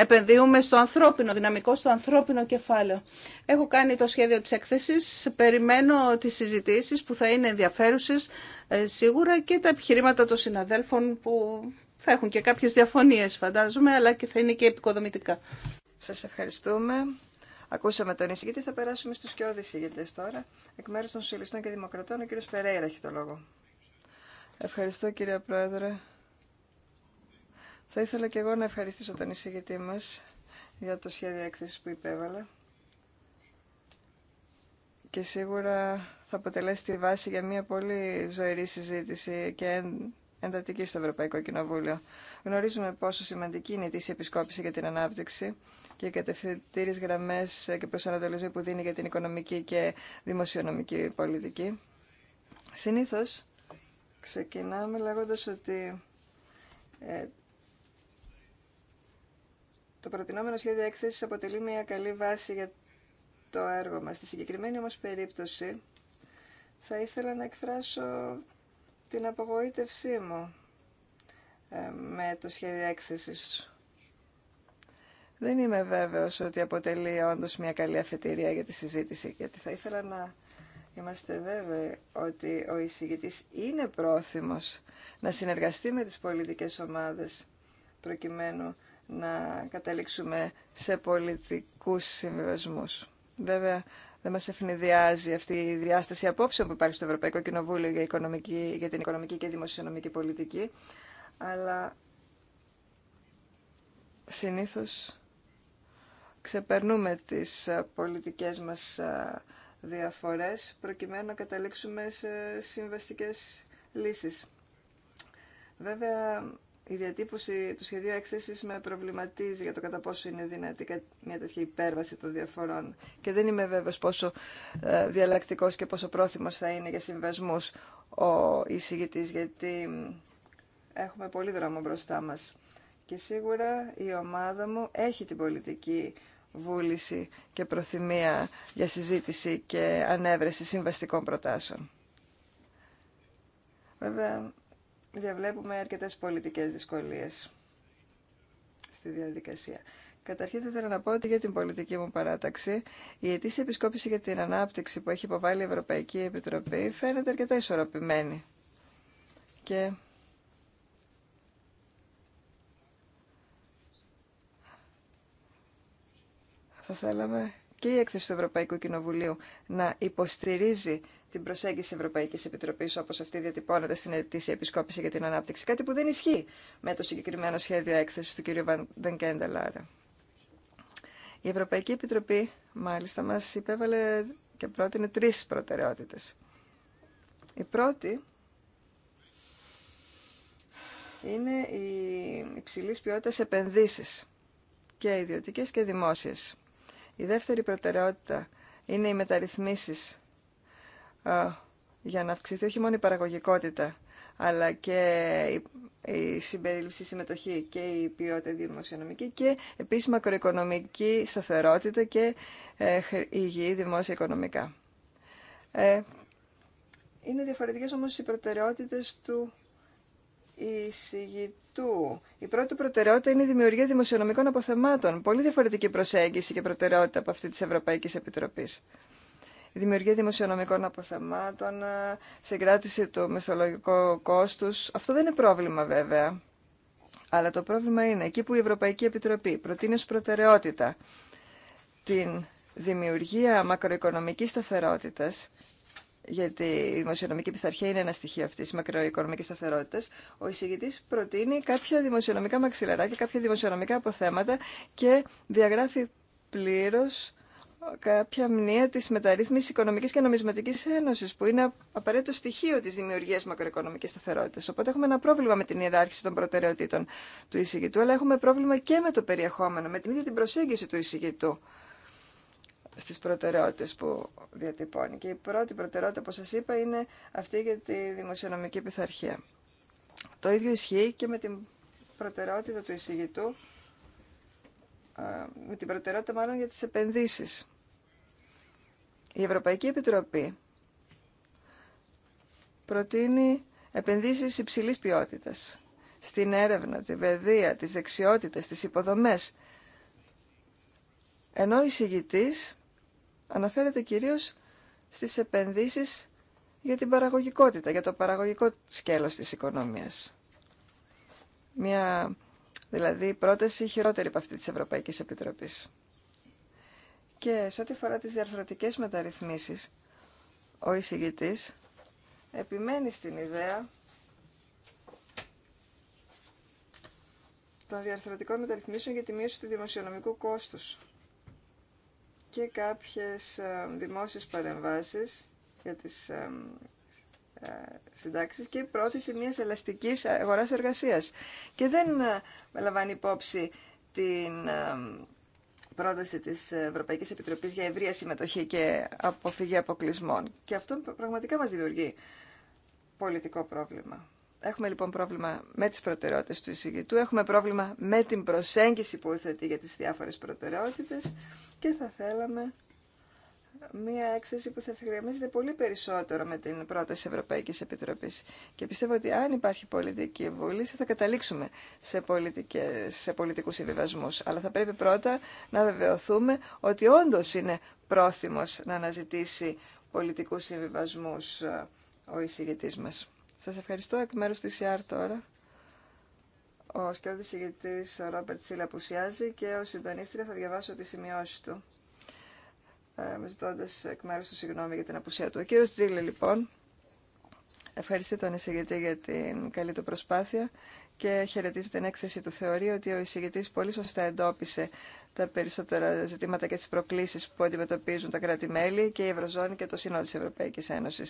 επενδύουμε στο ανθρώπινο δυναμικό, στο ανθρώπινο κεφάλαιο. Έχω κάνει το σχέδιο της έκθεσης, περιμένω τις συζητήσεις που θα είναι ενδιαφέρον ενδιαφέρουσες, ε, σίγουρα και τα επιχειρήματα των συναδέλφων που θα έχουν και κάποιες διαφωνίες φαντάζομαι, αλλά και θα είναι και επικοδομητικά. Σας ευχαριστούμε. Ακούσαμε τον εισηγητή, θα περάσουμε στους και εισηγητές τώρα. Εκ μέρους των Σοσιαλιστών και Δημοκρατών, ο κύριος Περέιρα έχει το λόγο. Ευχαριστώ κύριε Πρόεδρε. Θα ήθελα και εγώ να ευχαριστήσω τον εισηγητή μας για το σχέδιο έκθεσης που υπέβαλα. Και σίγουρα θα αποτελέσει τη βάση για μια πολύ ζωηρή συζήτηση και εντατική στο Ευρωπαϊκό Κοινοβούλιο. Γνωρίζουμε πόσο σημαντική είναι η τύση επισκόπηση για την ανάπτυξη και οι κατευθυντήριε γραμμέ και προσανατολισμοί που δίνει για την οικονομική και δημοσιονομική πολιτική. Συνήθω ξεκινάμε λέγοντα ότι ε, το προτινόμενο σχέδιο έκθεση αποτελεί μια καλή βάση για το έργο μας. Στη συγκεκριμένη όμως περίπτωση θα ήθελα να εκφράσω την απογοήτευσή μου ε, με το σχέδιο έκθεσης. Δεν είμαι βέβαιος ότι αποτελεί όντως μια καλή αφετηρία για τη συζήτηση, γιατί θα ήθελα να είμαστε βέβαιοι ότι ο εισηγητής είναι πρόθυμος να συνεργαστεί με τις πολιτικές ομάδες, προκειμένου να καταλήξουμε σε πολιτικούς συμβιβασμούς. Βέβαια, δεν μας ευνηδιάζει αυτή η διάσταση απόψεων που υπάρχει στο Ευρωπαϊκό Κοινοβούλιο για, οικονομική, για την οικονομική και δημοσιονομική πολιτική, αλλά συνήθως ξεπερνούμε τις πολιτικές μας διαφορές προκειμένου να καταλήξουμε σε συμβαστικές λύσεις. Βέβαια, η διατύπωση του σχεδίου έκθεση με προβληματίζει για το κατά πόσο είναι δυνατή μια τέτοια υπέρβαση των διαφορών. Και δεν είμαι βέβαιο πόσο ε, διαλλακτικό και πόσο πρόθυμο θα είναι για συμβασμού ο εισηγητή, γιατί έχουμε πολύ δρόμο μπροστά μα. Και σίγουρα η ομάδα μου έχει την πολιτική βούληση και προθυμία για συζήτηση και ανέβρεση συμβαστικών προτάσεων. Βέβαια, διαβλέπουμε αρκετές πολιτικές δυσκολίες στη διαδικασία. Καταρχήν θα ήθελα να πω ότι για την πολιτική μου παράταξη η ετήσια επισκόπηση για την ανάπτυξη που έχει υποβάλει η Ευρωπαϊκή Επιτροπή φαίνεται αρκετά ισορροπημένη. Και θα θέλαμε και η έκθεση του Ευρωπαϊκού Κοινοβουλίου να υποστηρίζει την προσέγγιση Ευρωπαϊκής Επιτροπής όπως αυτή διατυπώνεται στην ετήσια επισκόπηση για την ανάπτυξη, κάτι που δεν ισχύει με το συγκεκριμένο σχέδιο έκθεσης του κ. άρα. Η Ευρωπαϊκή Επιτροπή, μάλιστα, μας υπέβαλε και πρότεινε τρεις προτεραιότητες. Η πρώτη είναι η υψηλή ποιότητα επενδύσει και ιδιωτικέ και δημόσιε. Η δεύτερη προτεραιότητα είναι οι μεταρρυθμίσεις για να αυξηθεί όχι μόνο η παραγωγικότητα, αλλά και η συμπερίληψη, η συμμετοχή και η ποιότητα δημοσιονομική και επίσης μακροοικονομική σταθερότητα και ε, υγιή δημόσια οικονομικά. Ε, είναι διαφορετικές όμως οι προτεραιότητες του εισηγητού. Η πρώτη προτεραιότητα είναι η δημιουργία δημοσιονομικών αποθεμάτων. Πολύ διαφορετική προσέγγιση και προτεραιότητα από αυτή της Ευρωπαϊκής Επιτροπής δημιουργία δημοσιονομικών αποθεμάτων, ε, συγκράτηση του μισθολογικού κόστους. Αυτό δεν είναι πρόβλημα βέβαια. Αλλά το πρόβλημα είναι εκεί που η Ευρωπαϊκή Επιτροπή προτείνει ω προτεραιότητα την δημιουργία μακροοικονομικής σταθερότητας, γιατί η δημοσιονομική πειθαρχία είναι ένα στοιχείο αυτή τη μακροοικονομική σταθερότητα, ο εισηγητή προτείνει κάποια δημοσιονομικά μαξιλαράκια, κάποια δημοσιονομικά αποθέματα και διαγράφει πλήρω κάποια μνήμα τη μεταρρύθμιση οικονομική και Νομισματικής Ένωσης, που είναι απαραίτητο στοιχείο τη δημιουργία μακροοικονομικής σταθερότητας. Οπότε έχουμε ένα πρόβλημα με την ιεράρχηση των προτεραιοτήτων του εισηγητού, αλλά έχουμε πρόβλημα και με το περιεχόμενο, με την ίδια την προσέγγιση του εισηγητού στι προτεραιότητες που διατυπώνει. Και η πρώτη προτεραιότητα, όπως σα είπα, είναι αυτή για τη δημοσιονομική πειθαρχία. Το ίδιο ισχύει και με την προτεραιότητα του εισηγητού, ε, με την προτεραιότητα μάλλον για τις επενδύσεις. Η Ευρωπαϊκή Επιτροπή προτείνει επενδύσεις υψηλής ποιότητας στην έρευνα, την παιδεία, τις δεξιότητες, τις υποδομές. Ενώ η συγητής αναφέρεται κυρίως στις επενδύσεις για την παραγωγικότητα, για το παραγωγικό σκέλος της οικονομίας. Μια, δηλαδή, πρόταση χειρότερη από αυτή της Ευρωπαϊκής Επιτροπής. Και σε ό,τι αφορά τις διαρθρωτικές μεταρρυθμίσεις, ο εισηγητής επιμένει στην ιδέα των διαρθρωτικών μεταρρυθμίσεων για τη μείωση του δημοσιονομικού κόστους και κάποιες ε, δημόσιες παρεμβάσεις για τις ε, ε, συντάξεις και η πρόθεση μιας ελαστικής αγοράς εργασίας. Και δεν λαμβάνει υπόψη την πρόταση τη Ευρωπαϊκή Επιτροπή για ευρεία συμμετοχή και αποφυγή αποκλεισμών. Και αυτό πραγματικά μα δημιουργεί πολιτικό πρόβλημα. Έχουμε λοιπόν πρόβλημα με τις προτεραιότητε του εισηγητού, έχουμε πρόβλημα με την προσέγγιση που υθετεί για τις διάφορες προτεραιότητε και θα θέλαμε μια έκθεση που θα ευθυγραμμίζεται πολύ περισσότερο με την πρόταση Ευρωπαϊκή Επιτροπή. Και πιστεύω ότι αν υπάρχει πολιτική βούληση θα καταλήξουμε σε, πολιτικές, σε πολιτικούς συμβιβασμούς. Αλλά θα πρέπει πρώτα να βεβαιωθούμε ότι όντως είναι πρόθυμος να αναζητήσει πολιτικούς συμβιβασμούς ε, ο εισηγητής μας. Σας ευχαριστώ εκ μέρους του ΙΣΙΑΡ τώρα. Ο σκιώδης ηγητής Ρόμπερτ Σίλα απουσιάζει και ο συντονίστρια θα διαβάσω τι σημειώσει του. Ε, ζητώντα εκ μέρου του συγγνώμη για την απουσία του. Ο κύριο Τζίλη, λοιπόν, ευχαριστεί τον εισηγητή για την καλή του προσπάθεια και χαιρετίζει την έκθεση του. Θεωρεί ότι ο εισηγητή πολύ σωστά εντόπισε τα περισσότερα ζητήματα και τι προκλήσει που αντιμετωπίζουν τα κράτη-μέλη και η Ευρωζώνη και το Σύνολο τη Ευρωπαϊκή Ένωση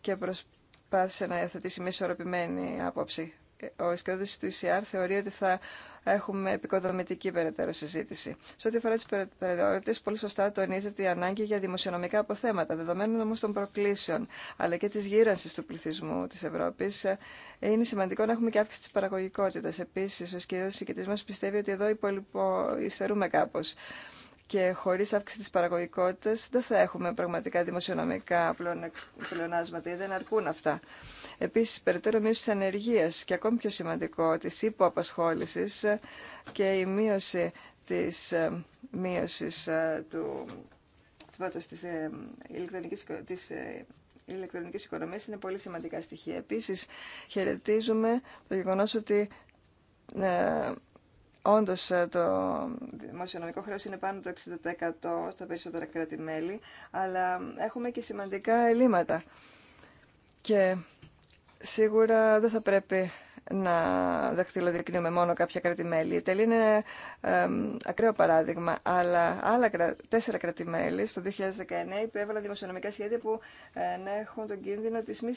και προσπάθησε να υιοθετήσει μια ισορροπημένη άποψη ο εσκόδης του ECR θεωρεί ότι θα έχουμε επικοδομητική περαιτέρω συζήτηση. Σε ό,τι αφορά τι προτεραιότητε, πολύ σωστά τονίζεται η ανάγκη για δημοσιονομικά αποθέματα. Δεδομένων όμω των προκλήσεων αλλά και τη γύρανση του πληθυσμού τη Ευρώπη, είναι σημαντικό να έχουμε και αύξηση τη παραγωγικότητα. Επίση, ο σχεδόν συγκεκριτή μα πιστεύει ότι εδώ υπολοιπο... υστερούμε κάπω. Και χωρί αύξηση τη παραγωγικότητα δεν θα έχουμε πραγματικά δημοσιονομικά πλεονάσματα ή δεν αρκούν αυτά. Επίσης, περαιτέρω μείωση της ανεργίας και ακόμη πιο σημαντικό της υποαπασχόλησης και η μείωση της ε, μείωσης ε, του, της ε, ηλεκτρονικής, της οικονομίας είναι πολύ σημαντικά στοιχεία. Επίσης, χαιρετίζουμε το γεγονός ότι ε, όντως το δημοσιονομικό χρέος είναι πάνω το 60% στα περισσότερα κράτη-μέλη, αλλά έχουμε και σημαντικά ελλείμματα. Και σίγουρα δεν θα πρέπει να δαχτυλοδεικνυουμε μονο μόνο κάποια κράτη-μέλη. Η Ιταλία είναι ακραίο παράδειγμα, αλλά άλλα τέσσερα κράτη-μέλη στο 2019 υπέβαλαν δημοσιονομικά σχέδια που ε, να έχουν τον κίνδυνο τη μη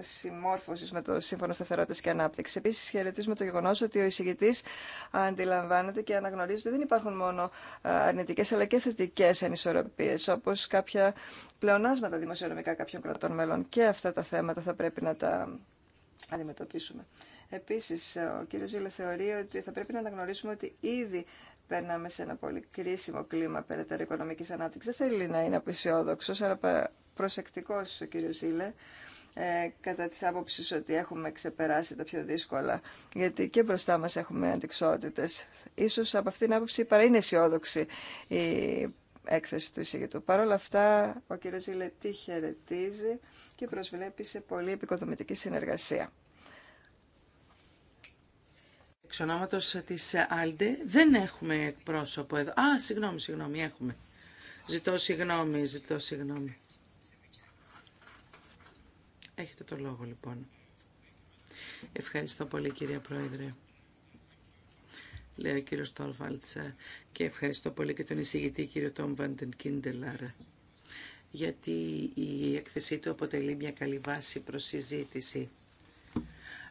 συμμόρφωση με το Σύμφωνο Σταθερότητα και Ανάπτυξη. Επίση, χαιρετίζουμε το γεγονό ότι ο εισηγητή αντιλαμβάνεται και αναγνωρίζει ότι δεν υπάρχουν μόνο ε, αρνητικέ αλλά και θετικέ ανισορροπίε, όπω κάποια πλεονάσματα δημοσιονομικά κάποιων κρατών μέλων. Και αυτά τα θέματα θα πρέπει να τα αντιμετωπίσουμε. Επίσης, ο κύριος Ζήλε θεωρεί ότι θα πρέπει να αναγνωρίσουμε ότι ήδη περνάμε σε ένα πολύ κρίσιμο κλίμα περαιτέρω οικονομικής ανάπτυξης. Δεν θέλει να είναι απεσιόδοξο, αλλά προσεκτικός ο κύριος Ζήλε ε, κατά τις άποψη ότι έχουμε ξεπεράσει τα πιο δύσκολα, γιατί και μπροστά μας έχουμε αντικσότητες. Ίσως από αυτήν την άποψη παρά είναι αισιόδοξη η έκθεση του εισηγητού. Παρ' όλα αυτά, ο κύριος Ζηλετή χαιρετίζει και προσβλέπει σε πολύ επικοδομητική συνεργασία. Εξ ονόματος ε, της ε, Άλντε δεν έχουμε εκπρόσωπο εδώ. Α, συγγνώμη, συγγνώμη, έχουμε. Ζητώ συγγνώμη, ζητώ συγγνώμη. Έχετε το λόγο λοιπόν. Ευχαριστώ πολύ κυρία Πρόεδρε. Λέω ο κύριος ε, και ευχαριστώ πολύ και τον εισηγητή κύριο Τόμ Βαντεν Κίντελαρ γιατί η έκθεσή του αποτελεί μια καλή βάση προς συζήτηση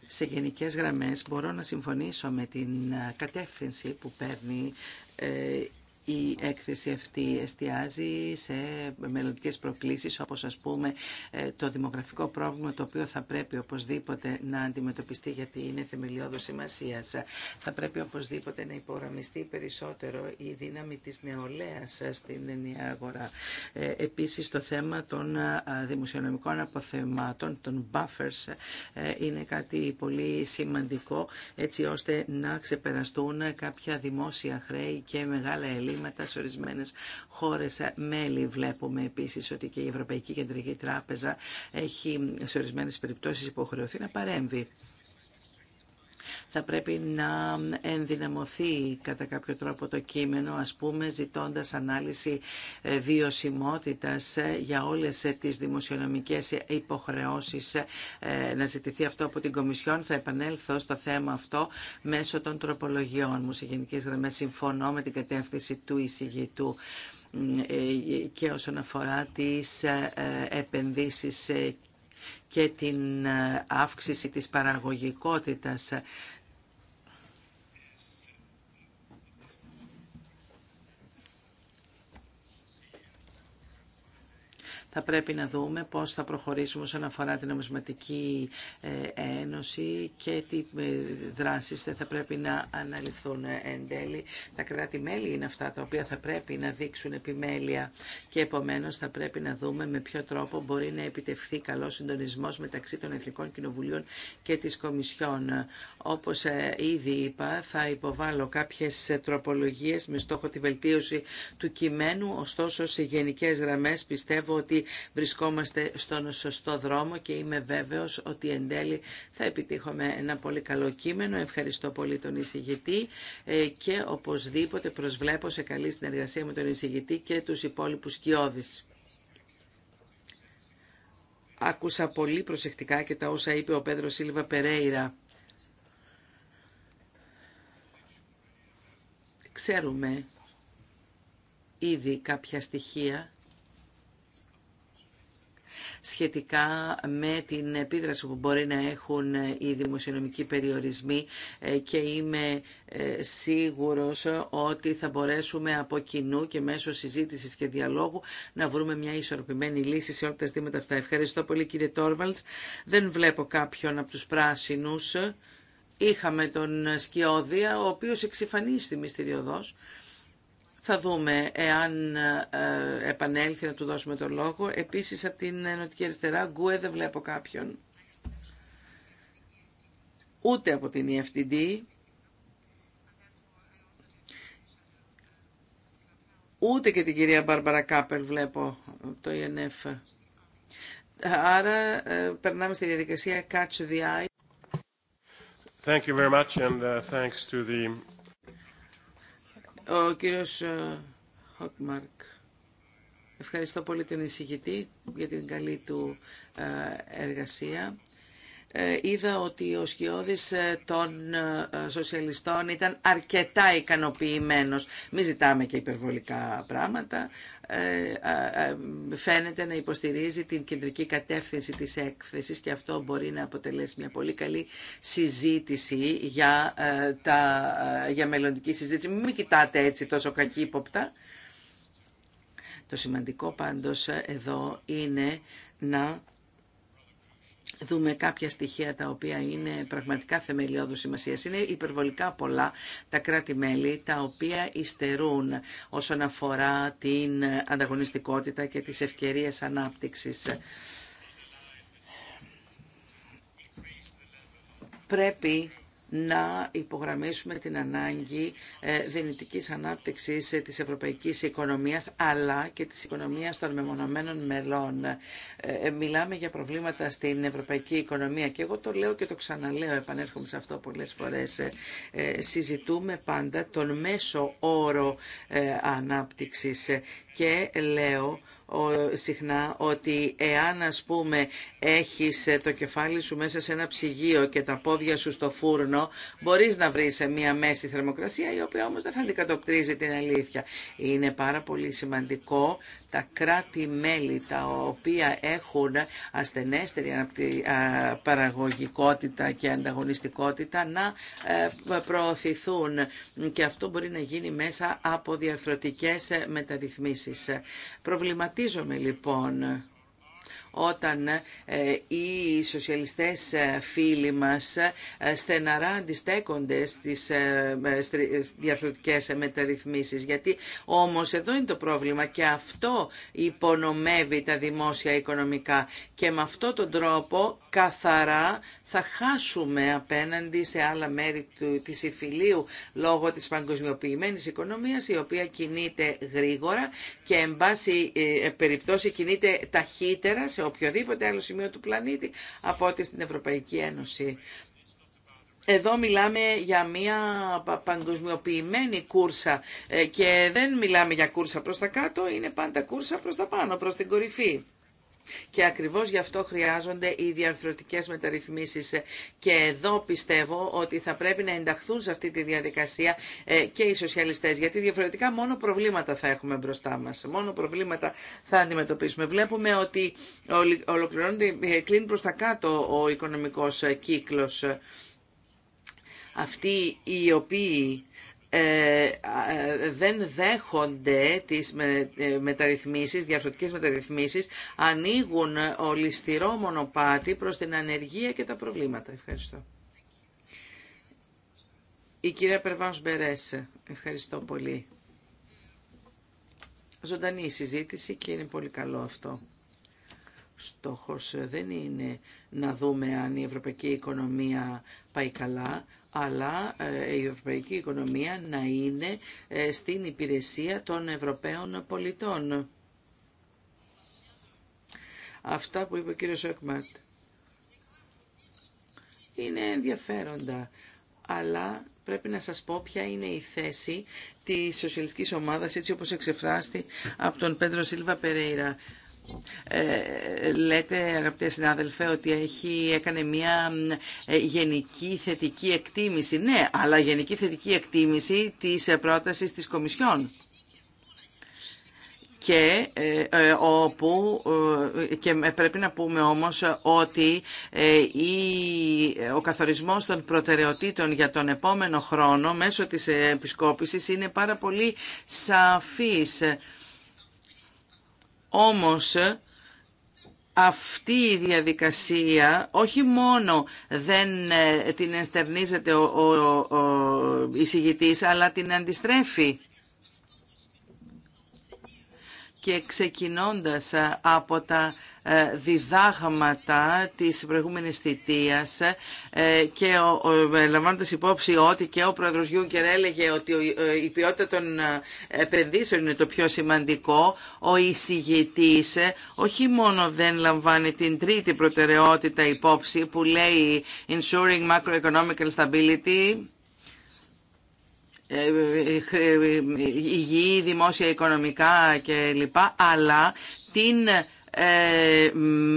σε γενικές γραμμές μπορώ να συμφωνήσω με την κατεύθυνση που παίρνει ε, η έκθεση αυτή εστιάζει σε μελλοντικέ προκλήσεις όπως α πούμε ε, το δημογραφικό πρόβλημα το οποίο θα πρέπει οπωσδήποτε να αντιμετωπιστεί γιατί είναι θεμελιώδο σημασία. Θα πρέπει οπωσδήποτε να υπογραμμιστεί περισσότερο η δύναμη της νεολαίας στην ενιαία αγορά. Ε, επίσης το θέμα των ε, δημοσιονομικών αποθεμάτων, των buffers, είναι κάτι πολύ σημαντικό έτσι ώστε να ξεπεραστούν κάποια δημόσια χρέη και μεγάλα ελλείμματα προβλήματα σε ορισμένες χώρες μέλη. Βλέπουμε επίσης ότι και η Ευρωπαϊκή Κεντρική Τράπεζα έχει σε ορισμένες περιπτώσεις υποχρεωθεί να παρέμβει θα πρέπει να ενδυναμωθεί κατά κάποιο τρόπο το κείμενο, ας πούμε ζητώντας ανάλυση ε, βιωσιμότητας ε, για όλες ε, τις δημοσιονομικές υποχρεώσεις να ζητηθεί αυτό από την Κομισιόν. Θα επανέλθω στο θέμα αυτό μέσω των τροπολογιών μου. Σε γενικές γραμμές συμφωνώ με την κατεύθυνση του εισηγητού και όσον αφορά τις επενδύσεις και την αύξηση της παραγωγικότητας θα πρέπει να δούμε πώς θα προχωρήσουμε όσον αφορά την Νομισματική ε, Ένωση και τι ε, δράσεις θα πρέπει να αναλυθούν ε, εν τέλει. Τα κράτη-μέλη είναι αυτά τα οποία θα πρέπει να δείξουν επιμέλεια και επομένως θα πρέπει να δούμε με ποιο τρόπο μπορεί να επιτευχθεί καλό συντονισμός μεταξύ των Εθνικών Κοινοβουλίων και της Κομισιόν. Όπως ήδη είπα, θα υποβάλω κάποιες τροπολογίες με στόχο τη βελτίωση του κειμένου, ωστόσο σε γενικές γραμμές πιστεύω ότι βρισκόμαστε στον σωστό δρόμο και είμαι βέβαιος ότι εν τέλει θα επιτύχουμε ένα πολύ καλό κείμενο. Ευχαριστώ πολύ τον εισηγητή ε, και οπωσδήποτε προσβλέπω σε καλή συνεργασία με τον εισηγητή και τους υπόλοιπους κοιόδης. Άκουσα πολύ προσεκτικά και τα όσα είπε ο Πέδρος Σίλβα Περέιρα. Ξέρουμε ήδη κάποια στοιχεία σχετικά με την επίδραση που μπορεί να έχουν οι δημοσιονομικοί περιορισμοί ε, και είμαι ε, σίγουρος ότι θα μπορέσουμε από κοινού και μέσω συζήτησης και διαλόγου να βρούμε μια ισορροπημένη λύση σε όλα τα ζητήματα αυτά. Ευχαριστώ πολύ κύριε Τόρβαλτς. Δεν βλέπω κάποιον από τους πράσινους. Είχαμε τον Σκιώδια, ο οποίος εξυφανίστη μυστηριωδώς. Θα δούμε εάν ε, επανέλθει να του δώσουμε το λόγο. Επίσης από την Ενωτική Αριστερά, Γκουέ δεν βλέπω κάποιον. Ούτε από την EFTD. Ούτε και την κυρία Μπάρμπαρα Κάπελ βλέπω από το ΙΕΝΕΦ. E Άρα ε, περνάμε στη διαδικασία Catch the Eye. Thank you very much and uh, thanks to the ο κύριος ε, Χοκμαρκ. Ευχαριστώ πολύ τον εισηγητή για την καλή του ε, εργασία. Ε, είδα ότι ο Σκιώδης ε, των ε, σοσιαλιστών ήταν αρκετά ικανοποιημένος. Μην ζητάμε και υπερβολικά πράγματα. Φαίνεται να υποστηρίζει την κεντρική κατεύθυνση της έκθεσης και αυτό μπορεί να αποτελέσει μια πολύ καλή συζήτηση για, τα, για μελλοντική συζήτηση. Μην κοιτάτε έτσι τόσο κακύποπτα. Το σημαντικό πάντως εδώ είναι να δούμε κάποια στοιχεία τα οποία είναι πραγματικά θεμελιώδους σημασία. Είναι υπερβολικά πολλά τα κράτη-μέλη τα οποία υστερούν όσον αφορά την ανταγωνιστικότητα και τις ευκαιρίες ανάπτυξης. Πρέπει να υπογραμμίσουμε την ανάγκη ε, δυνητικής ανάπτυξης ε, της ευρωπαϊκής οικονομίας αλλά και της οικονομίας των μεμονωμένων μελών. Ε, μιλάμε για προβλήματα στην ευρωπαϊκή οικονομία και εγώ το λέω και το ξαναλέω, επανέρχομαι σε αυτό πολλές φορές. Συζητούμε πάντα τον μέσο όρο ανάπτυξης και λέω συχνά ότι εάν ας πούμε έχεις ε, το κεφάλι σου μέσα σε ένα ψυγείο και τα πόδια σου στο φούρνο μπορείς να βρεις μια μέση θερμοκρασία η οποία όμως δεν θα αντικατοπτρίζει την αλήθεια. Είναι πάρα πολύ σημαντικό τα κράτη-μέλη τα οποία έχουν ασθενέστερη παραγωγικότητα και ανταγωνιστικότητα να ε, προωθηθούν και αυτό μπορεί να γίνει μέσα από διαρθρωτικές μεταρρυθμίσεις. Προβληματίζομαι λοιπόν όταν ε, οι σοσιαλιστές ε, φίλοι μας ε, στεναρά αντιστέκονται στις διαρθρωτικές μεταρρυθμίσεις. Γιατί όμως εδώ είναι το πρόβλημα και αυτό υπονομεύει τα δημόσια οικονομικά και με αυτόν τον τρόπο καθαρά θα χάσουμε απέναντι σε άλλα μέρη του, της υφηλίου λόγω της παγκοσμιοποιημένης οικονομίας η οποία κινείται γρήγορα και εν πάση ε, περιπτώσει κινείται ταχύτερα σε οποιοδήποτε άλλο σημείο του πλανήτη από ό,τι στην Ευρωπαϊκή Ένωση. Εδώ μιλάμε για μια παγκοσμιοποιημένη κούρσα ε, και δεν μιλάμε για κούρσα προς τα κάτω, είναι πάντα κούρσα προς τα πάνω, προς την κορυφή. Και ακριβώς γι' αυτό χρειάζονται οι διαφορετικές μεταρρυθμίσεις. Και εδώ πιστεύω ότι θα πρέπει να ενταχθούν σε αυτή τη διαδικασία ε, και οι σοσιαλιστές, γιατί διαφορετικά μόνο προβλήματα θα έχουμε μπροστά μας, μόνο προβλήματα θα αντιμετωπίσουμε. Βλέπουμε ότι ολοκληρώνεται, ε, κλείνει προς τα κάτω ο οικονομικός ε, κύκλος. Αυτοί οι οποίοι ε, ε, δεν δέχονται τις με, ε, μεταρρυθμίσεις, διαρθρωτικές μεταρρυθμίσεις, ανοίγουν ολιστηρό μονοπάτι προς την ανεργία και τα προβλήματα. Ευχαριστώ. Η κυρία Περβάνς Μπερές, ευχαριστώ πολύ. Ζωντανή η συζήτηση και είναι πολύ καλό αυτό. Στόχος δεν είναι να δούμε αν η ευρωπαϊκή οικονομία πάει καλά, αλλά ε, η ευρωπαϊκή οικονομία να είναι ε, στην υπηρεσία των Ευρωπαίων πολιτών. Αυτά που είπε ο κύριος Σόκμαρτ είναι ενδιαφέροντα, αλλά πρέπει να σας πω ποια είναι η θέση της σοσιαλιστικής ομάδας, έτσι όπως εξεφράστη από τον Πέντρο Σίλβα Περέιρα. Ε, λέτε αγαπητέ συνάδελφε ότι έχει, έκανε μια ε, γενική θετική εκτίμηση. Ναι, αλλά γενική θετική εκτίμηση της ε, πρότασης της Κομισιόν και όπου και πρέπει να πούμε όμως ότι η, ο καθορισμός των προτεραιοτήτων για τον επόμενο χρόνο μέσω της επισκόπησης είναι πάρα πολύ σαφής. Όμως αυτή η διαδικασία όχι μόνο δεν ε, την ενστερνίζεται ο, ο, ο εισηγητής, αλλά την αντιστρέφει. Και ξεκινώντας από τα ε, διδάγματα της προηγούμενης θητείας ε, και ε, λαμβάνοντας υπόψη ότι και ο πρόεδρος Γιούγκερ έλεγε ότι η ποιότητα των επενδύσεων είναι το πιο σημαντικό, ο εισηγητής όχι μόνο δεν λαμβάνει την τρίτη προτεραιότητα υπόψη που λέει «Ensuring macroeconomic stability», υγιή, δημόσια οικονομικά και λοιπά Αλλά την ε,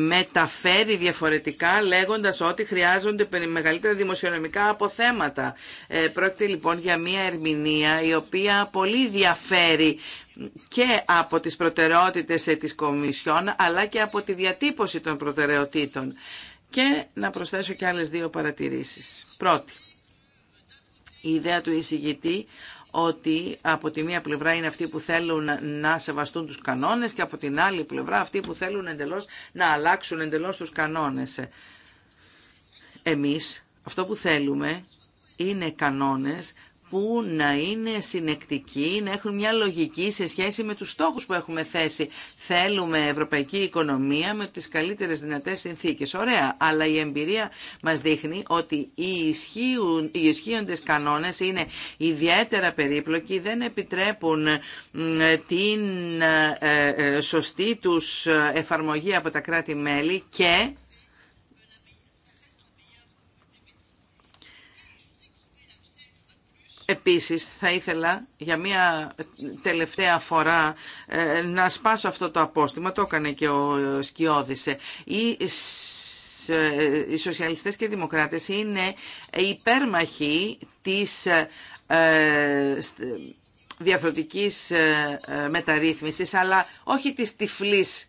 μεταφέρει διαφορετικά λέγοντας ότι χρειάζονται μεγαλύτερα δημοσιονομικά αποθέματα. Ε, πρόκειται λοιπόν για μια ερμηνεία η οποία πολύ διαφέρει και από τις προτεραιότητες ε, της Κομισιόν αλλά και από τη διατύπωση των προτεραιοτήτων. Και να προσθέσω και άλλες δύο παρατηρήσεις. Πρώτη, η ιδέα του εισηγητή ότι από τη μία πλευρά είναι αυτοί που θέλουν να σεβαστούν τους κανόνες και από την άλλη πλευρά αυτοί που θέλουν εντελώς να αλλάξουν εντελώς τους κανόνες. Εμείς αυτό που θέλουμε είναι κανόνες που να είναι συνεκτικοί, να έχουν μια λογική σε σχέση με τους στόχους που έχουμε θέσει. Θέλουμε ευρωπαϊκή οικονομία με τις καλύτερες δυνατές συνθήκες. Ωραία, αλλά η εμπειρία μας δείχνει ότι οι, ισχύουν, οι ισχύοντες κανόνες είναι ιδιαίτερα περίπλοκοι, δεν επιτρέπουν την ε, ε, σωστή τους ε, εφαρμογή από τα κράτη-μέλη και Επίσης θα ήθελα για μια τελευταία φορά ε, να σπάσω αυτό το απόστημα, το έκανε και ο Σκιώδησε. οι σοσιαλιστές και οι δημοκράτες είναι υπέρμαχοι της ε, διαφορετικής ε, μεταρρύθμισης, αλλά όχι της τυφλής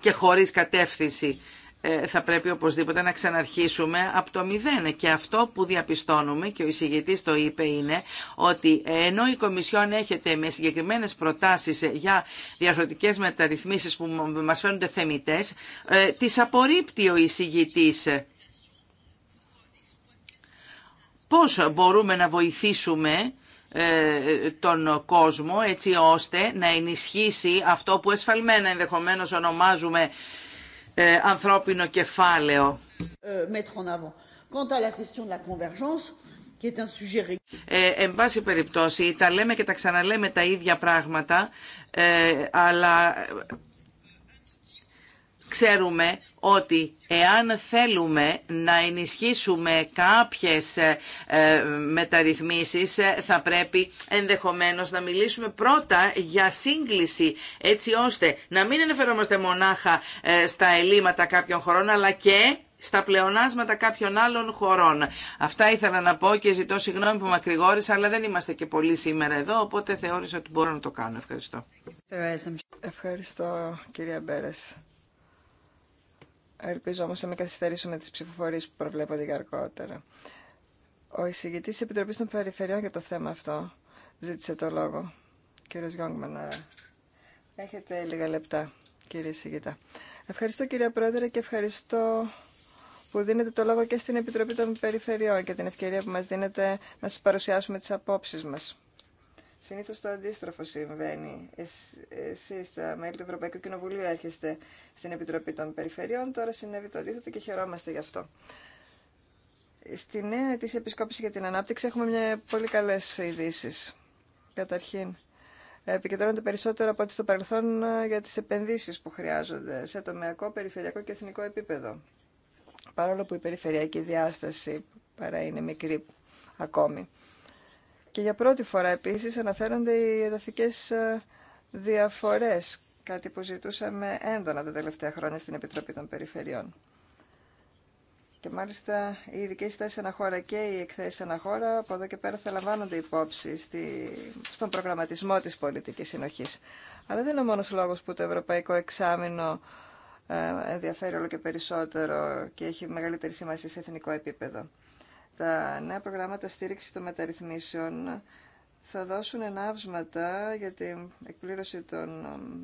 και χωρίς κατεύθυνση ε, θα πρέπει οπωσδήποτε να ξαναρχίσουμε από το μηδέν. Και αυτό που διαπιστώνουμε και ο εισηγητής το είπε είναι ότι ενώ η Κομισιόν έχετε με συγκεκριμένες προτάσεις για διαρθρωτικές μεταρρυθμίσεις που μας φαίνονται θεμητές, ε, τις απορρίπτει ο εισηγητής. Πώς μπορούμε να βοηθήσουμε ε, τον κόσμο έτσι ώστε να ενισχύσει αυτό που εσφαλμένα ενδεχομένως ονομάζουμε ε, ανθρώπινο κεφάλαιο. Ε, ε, εν πάση περιπτώσει, τα λέμε και τα ξαναλέμε τα ίδια πράγματα, ε, αλλά ξέρουμε ότι εάν θέλουμε να ενισχύσουμε κάποιες ε, ε, μεταρρυθμίσεις ε, θα πρέπει ενδεχομένως να μιλήσουμε πρώτα για σύγκληση έτσι ώστε να μην ενεφερόμαστε μονάχα στα ελλείμματα κάποιων χωρών αλλά και στα πλεονάσματα κάποιων άλλων χωρών. Αυτά ήθελα να πω και ζητώ συγγνώμη που μακρηγόρησα, αλλά δεν είμαστε και πολλοί σήμερα εδώ, οπότε θεώρησα ότι μπορώ να το κάνω. Ευχαριστώ. Ευχαριστώ, κυρία Μπέρες. Ελπίζω όμω να μην καθυστερήσουμε τι ψηφοφορίες που προβλέπονται για αργότερα. Ο εισηγητή τη Επιτροπή των Περιφερειών για το θέμα αυτό ζήτησε το λόγο. Κύριο Γιόγκμαν, ε, έχετε λίγα λεπτά, κύριε εισηγητά. Ευχαριστώ κύριε Πρόεδρε και ευχαριστώ που δίνετε το λόγο και στην Επιτροπή των Περιφερειών και την ευκαιρία που μας δίνετε να σας παρουσιάσουμε τις απόψεις μας. Συνήθω το αντίστροφο συμβαίνει. Εσεί, τα μέλη του Ευρωπαϊκού Κοινοβουλίου, έρχεστε στην Επιτροπή των Περιφερειών. Τώρα συνέβη το αντίθετο και χαιρόμαστε γι' αυτό. Στη νέα της επισκόπηση για την ανάπτυξη έχουμε μια πολύ καλέ ειδήσει. Καταρχήν, επικεντρώνονται περισσότερο από ό,τι στο παρελθόν ε, για τι επενδύσει που χρειάζονται σε τομεακό, περιφερειακό και εθνικό επίπεδο. Παρόλο που η περιφερειακή διάσταση παρά είναι μικρή ακόμη. Και για πρώτη φορά επίσης αναφέρονται οι εδαφικές ε, διαφορές, κάτι που ζητούσαμε έντονα τα τελευταία χρόνια στην Επιτροπή των Περιφερειών. Και μάλιστα οι ειδικέ ένα αναχώρα και οι εκθέσει αναχώρα από εδώ και πέρα θα λαμβάνονται υπόψη στη, στον προγραμματισμό τη πολιτική συνοχή. Αλλά δεν είναι ο μόνο λόγο που το Ευρωπαϊκό Εξάμεινο ε, ενδιαφέρει όλο και περισσότερο και έχει μεγαλύτερη σημασία σε εθνικό επίπεδο. Τα νέα προγράμματα στήριξης των μεταρρυθμίσεων θα δώσουν ενάυσματα για την εκπλήρωση των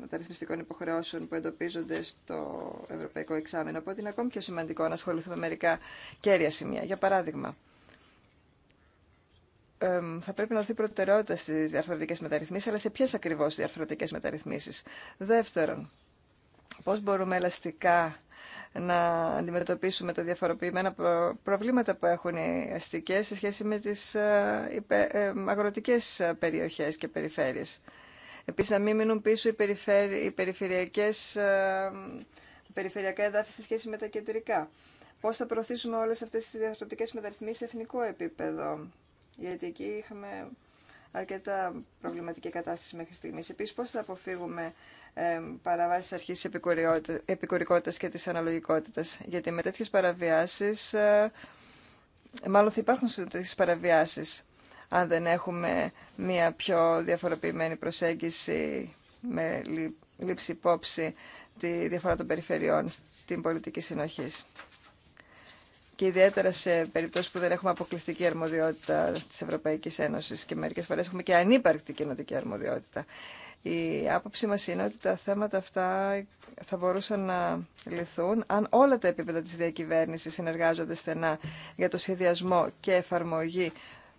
μεταρρυθμιστικών υποχρεώσεων που εντοπίζονται στο Ευρωπαϊκό Εξάμεινο. Οπότε είναι ακόμη πιο σημαντικό να ασχοληθούμε με μερικά κέρια σημεία. Για παράδειγμα, θα πρέπει να δοθεί προτεραιότητα στι διαρθρωτικέ μεταρρυθμίσει, αλλά σε ποιε ακριβώ διαρθρωτικέ μεταρρυθμίσει. Δεύτερον, πώ μπορούμε ελαστικά να αντιμετωπίσουμε τα διαφοροποιημένα προβλήματα που έχουν οι αστικές σε σχέση με τις ε, ε, αγροτικές περιοχές και περιφέρειες. Επίσης, να μην μείνουν πίσω οι, οι περιφερειακές, ε, περιφερειακά εδάφη σε σχέση με τα κεντρικά. Πώς θα προωθήσουμε όλες αυτές τις διαφορετικές μεταρρυθμίσεις σε εθνικό επίπεδο, γιατί εκεί είχαμε αρκετά προβληματική κατάσταση μέχρι στιγμής. Επίσης, πώς θα αποφύγουμε παραβάσεις αρχής της επικουρικότητας και της αναλογικότητας. Γιατί με τέτοιες παραβιάσεις, ε, μάλλον θα υπάρχουν τέτοιες παραβιάσεις, αν δεν έχουμε μια πιο διαφοροποιημένη προσέγγιση με λήψη υπόψη τη διαφορά των περιφερειών στην πολιτική συνοχή. Και ιδιαίτερα σε περιπτώσει που δεν έχουμε αποκλειστική αρμοδιότητα τη Ευρωπαϊκή Ένωση και μερικέ φορέ έχουμε και ανύπαρκτη κοινωτική αρμοδιότητα. Η άποψή μας είναι ότι τα θέματα αυτά θα μπορούσαν να λυθούν αν όλα τα επίπεδα της διακυβέρνησης συνεργάζονται στενά για το σχεδιασμό και εφαρμογή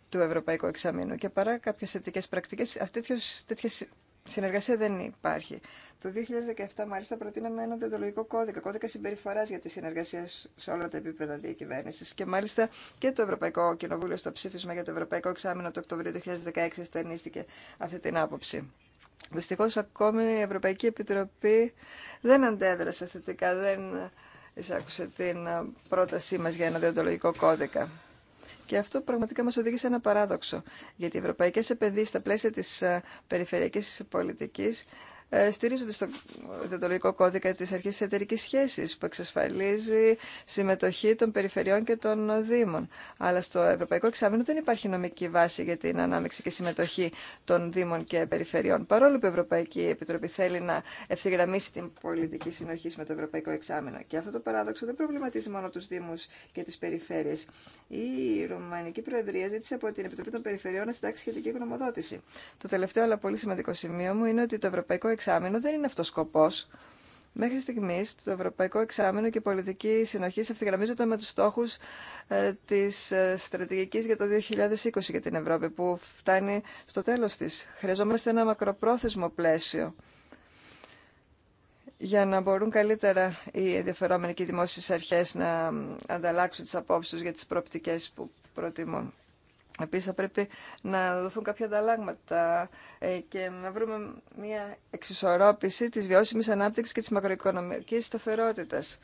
του Ευρωπαϊκού Εξαμήνου. Και παρά κάποιες θετικές πρακτικές, αυτή τέτοια συνεργασία δεν υπάρχει. Το 2017 μάλιστα προτείναμε ένα διεντολογικό κώδικα, κώδικα συμπεριφοράς για τη συνεργασία σε όλα τα επίπεδα διακυβέρνησης. Και μάλιστα και το Ευρωπαϊκό Κοινοβούλιο στο ψήφισμα για το Ευρωπαϊκό Εξάμεινο του Οκτωβρίου 2016 στενίστηκε αυτή την άποψη. Δυστυχώς ακόμη η Ευρωπαϊκή Επιτροπή δεν αντέδρασε θετικά, δεν εισάκουσε την ε, πρότασή μας για ένα διοντολογικό κώδικα. Και αυτό πραγματικά μας οδήγησε ένα παράδοξο, γιατί οι ευρωπαϊκές επενδύσεις στα πλαίσια της ε, περιφερειακής πολιτικής ε, στηρίζονται στο διδατολογικό κώδικα της αρχής της εταιρικής σχέσης που εξασφαλίζει συμμετοχή των περιφερειών και των δήμων. Αλλά στο Ευρωπαϊκό Εξάμεινο δεν υπάρχει νομική βάση για την ανάμεξη και συμμετοχή των δήμων και περιφερειών. Παρόλο που η Ευρωπαϊκή Επιτροπή θέλει να ευθυγραμμίσει την πολιτική συνοχή με το Ευρωπαϊκό Εξάμεινο. Και αυτό το παράδοξο δεν προβληματίζει μόνο τους δήμους και τις περιφέρειες. Η Ρουμανική Προεδρία ζήτησε από την Επιτροπή των Περιφερειών να συντάξει σχετική γνωμοδότηση. Το τελευταίο αλλά πολύ σημαντικό σημείο μου είναι ότι το Ευρωπαϊκό εξάμεινο δεν είναι αυτός σκοπός. Μέχρι στιγμή, το Ευρωπαϊκό Εξάμεινο και η πολιτική συνοχή ευθυγραμμίζονται με του στόχου ε, τη ε, στρατηγική για το 2020 για την Ευρώπη, που φτάνει στο τέλο τη. Χρειαζόμαστε ένα μακροπρόθεσμο πλαίσιο για να μπορούν καλύτερα οι ενδιαφερόμενοι και οι δημόσιες αρχές να ανταλλάξουν τις απόψεις για τις προοπτικές που προτιμούν. Επίσης θα πρέπει να δοθούν κάποια ανταλλάγματα ε, και να βρούμε μια εξισορρόπηση της βιώσιμης ανάπτυξης και της μακροοικονομικής σταθερότητας.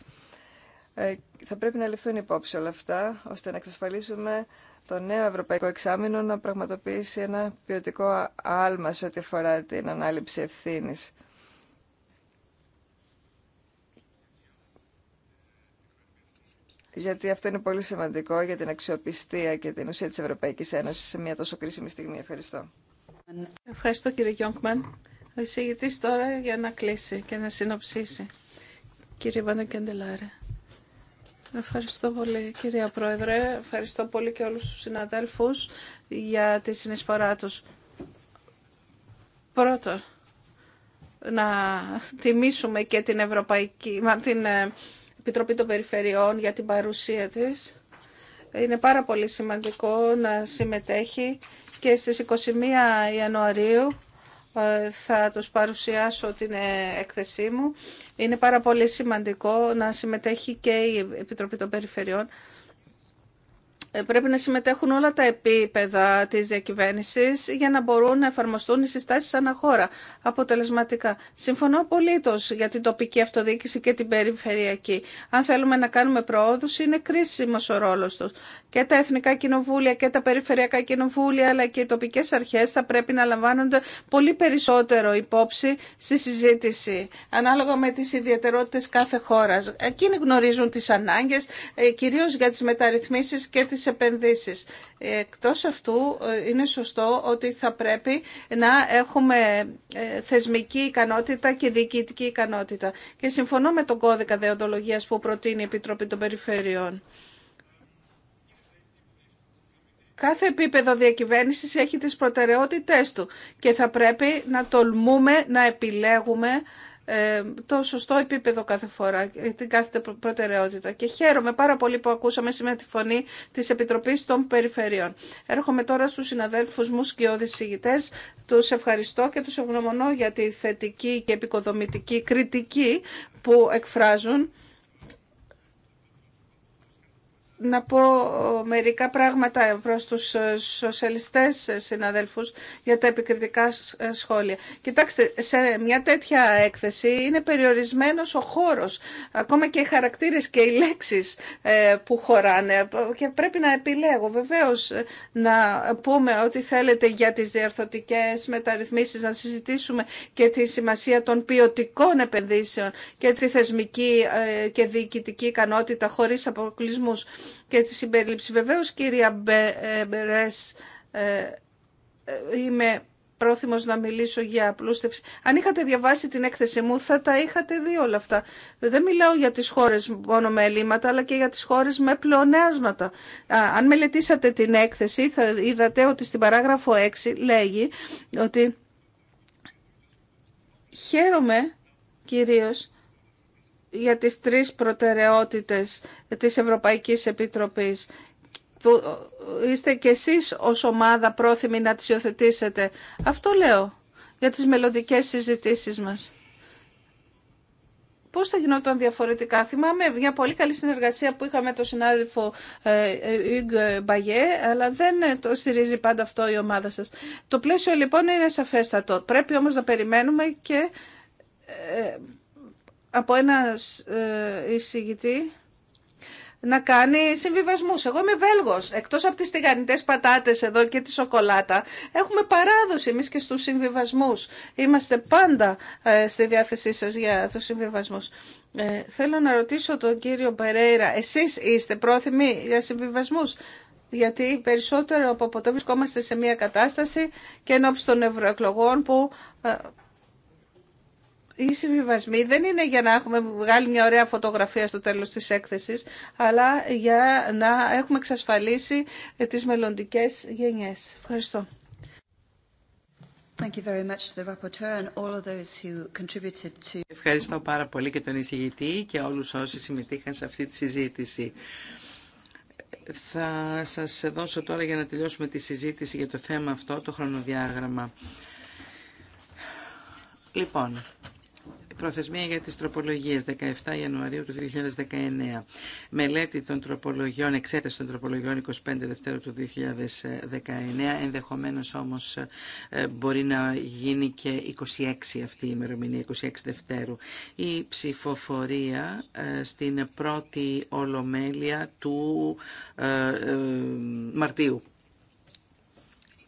Ε, θα πρέπει να ληφθούν υπόψη όλα αυτά, ώστε να εξασφαλίσουμε το νέο Ευρωπαϊκό Εξάμεινο να πραγματοποιήσει ένα ποιοτικό άλμα σε ό,τι αφορά την ανάληψη ευθύνης γιατί αυτό είναι πολύ σημαντικό για την αξιοπιστία και την ουσία της Ευρωπαϊκής Ένωσης σε μια τόσο κρίσιμη στιγμή. Ευχαριστώ. Ευχαριστώ κύριε Γιόγκμαν. Ο εισηγητής τώρα για να κλείσει και να συνοψίσει. Κύριε Βαντοκεντελάρε. Ευχαριστώ πολύ κύριε Πρόεδρε. Ευχαριστώ πολύ και όλους τους συναδέλφους για τη συνεισφορά τους. Πρώτον, να τιμήσουμε και την Ευρωπαϊκή, την ε, Επιτροπή των Περιφερειών για την παρουσία της. Είναι πάρα πολύ σημαντικό να συμμετέχει και στις 21 Ιανουαρίου ε, θα τους παρουσιάσω την ε, έκθεσή μου. Είναι πάρα πολύ σημαντικό να συμμετέχει και η Επιτροπή των Περιφερειών ε, πρέπει να συμμετέχουν όλα τα επίπεδα της διακυβέρνησης για να μπορούν να εφαρμοστούν οι συστάσεις ανά χώρα αποτελεσματικά. Συμφωνώ απολύτως για την τοπική αυτοδιοίκηση και την περιφερειακή. Αν θέλουμε να κάνουμε προόδους είναι κρίσιμος ο ρόλος τους. Και τα εθνικά κοινοβούλια και τα περιφερειακά κοινοβούλια αλλά και οι τοπικές αρχές θα πρέπει να λαμβάνονται πολύ περισσότερο υπόψη στη συζήτηση ανάλογα με τις ιδιαιτερότητες κάθε χώρας. Εκείνοι γνωρίζουν τις ανάγκες ε, κυρίως για τις μεταρρυθμίσεις και τις τις επενδύσεις. Ε, εκτός αυτού ε, είναι σωστό ότι θα πρέπει να έχουμε ε, θεσμική ικανότητα και διοικητική ικανότητα. Και συμφωνώ με τον κώδικα δεοντολογίας που προτείνει η Επιτροπή των Περιφερειών. Κάθε επίπεδο διακυβέρνησης έχει τις προτεραιότητές του και θα πρέπει να τολμούμε να επιλέγουμε ε, το σωστό επίπεδο κάθε φορά, την κάθε προτεραιότητα. Και χαίρομαι πάρα πολύ που ακούσαμε σήμερα τη φωνή τη Επιτροπή των Περιφερειών. Έρχομαι τώρα στου συναδέλφου μου και οδησηγητές. του ευχαριστώ και τους ευγνωμονώ για τη θετική και επικοδομητική κριτική που εκφράζουν να πω ε, μερικά πράγματα προς τους ε, σοσιαλιστές ε, συναδέλφους για τα επικριτικά σχόλια. Κοιτάξτε, σε μια τέτοια έκθεση είναι περιορισμένος ο χώρος, ακόμα και οι χαρακτήρες και οι λέξεις που χωράνε και πρέπει να επιλέγω. Βεβαίως να πούμε ό,τι θέλετε για τις διαρθωτικές μεταρρυθμίσεις, να συζητήσουμε και τη σημασία των ποιοτικών επενδύσεων και τη θεσμική και διοικητική ικανότητα χωρίς αποκλεισμούς και τη συμπερίληψη. βεβαίω, κυρία ε, ε, ε, είμαι πρόθυμος να μιλήσω για απλούστευση. Αν είχατε διαβάσει την έκθεση μου θα τα είχατε δει όλα αυτά. Δεν μιλάω για τις χώρες μόνο με ελλείμματα αλλά και για τις χώρες με πλονέασματα. Αν μελετήσατε την έκθεση θα είδατε ότι στην παράγραφο 6 λέγει ότι χαίρομαι κυρίως για τις τρεις προτεραιότητες της Ευρωπαϊκής Επιτροπής που είστε κι εσείς ως ομάδα πρόθυμοι να τις υιοθετήσετε. Αυτό λέω για τις μελλοντικέ συζητήσεις μας. Πώς θα γινόταν διαφορετικά. Θυμάμαι μια πολύ καλή συνεργασία που είχαμε το συνάδελφο ε, Ιγκ Μπαγιέ, αλλά δεν ε, το στηρίζει πάντα αυτό η ομάδα σας. Το πλαίσιο λοιπόν είναι σαφέστατο. Πρέπει όμως να περιμένουμε και ε, από ένα ε, εισηγητή να κάνει συμβιβασμούς. Εγώ είμαι Βέλγος. Εκτός από τις τηγανιτές πατάτες εδώ και τη σοκολάτα, έχουμε παράδοση εμείς και στους συμβιβασμούς. Είμαστε πάντα ε, στη διάθεσή σας για τους συμβιβασμούς. Ε, θέλω να ρωτήσω τον κύριο Περέιρα, εσείς είστε πρόθυμοι για συμβιβασμούς. Γιατί περισσότερο από ποτέ βρισκόμαστε σε μια κατάσταση και ενώπιση των ευρωεκλογών που οι συμβιβασμοί δεν είναι για να έχουμε βγάλει μια ωραία φωτογραφία στο τέλος της έκθεσης, αλλά για να έχουμε εξασφαλίσει τις μελλοντικές γενιές. Ευχαριστώ. Ευχαριστώ πάρα πολύ και τον εισηγητή και όλους όσοι συμμετείχαν σε αυτή τη συζήτηση. Θα σας δώσω τώρα για να τελειώσουμε τη συζήτηση για το θέμα αυτό, το χρονοδιάγραμμα. Λοιπόν, Προθεσμία για τις τροπολογίες 17 Ιανουαρίου του 2019. Μελέτη των τροπολογιών, εξέταση των τροπολογιών 25 Δευτέρου του 2019. Ενδεχομένως όμως ε, μπορεί να γίνει και 26 αυτή η ημερομηνία, 26 Δευτέρου. Η ψηφοφορία ε, στην πρώτη ολομέλεια του ε, Μαρτίου.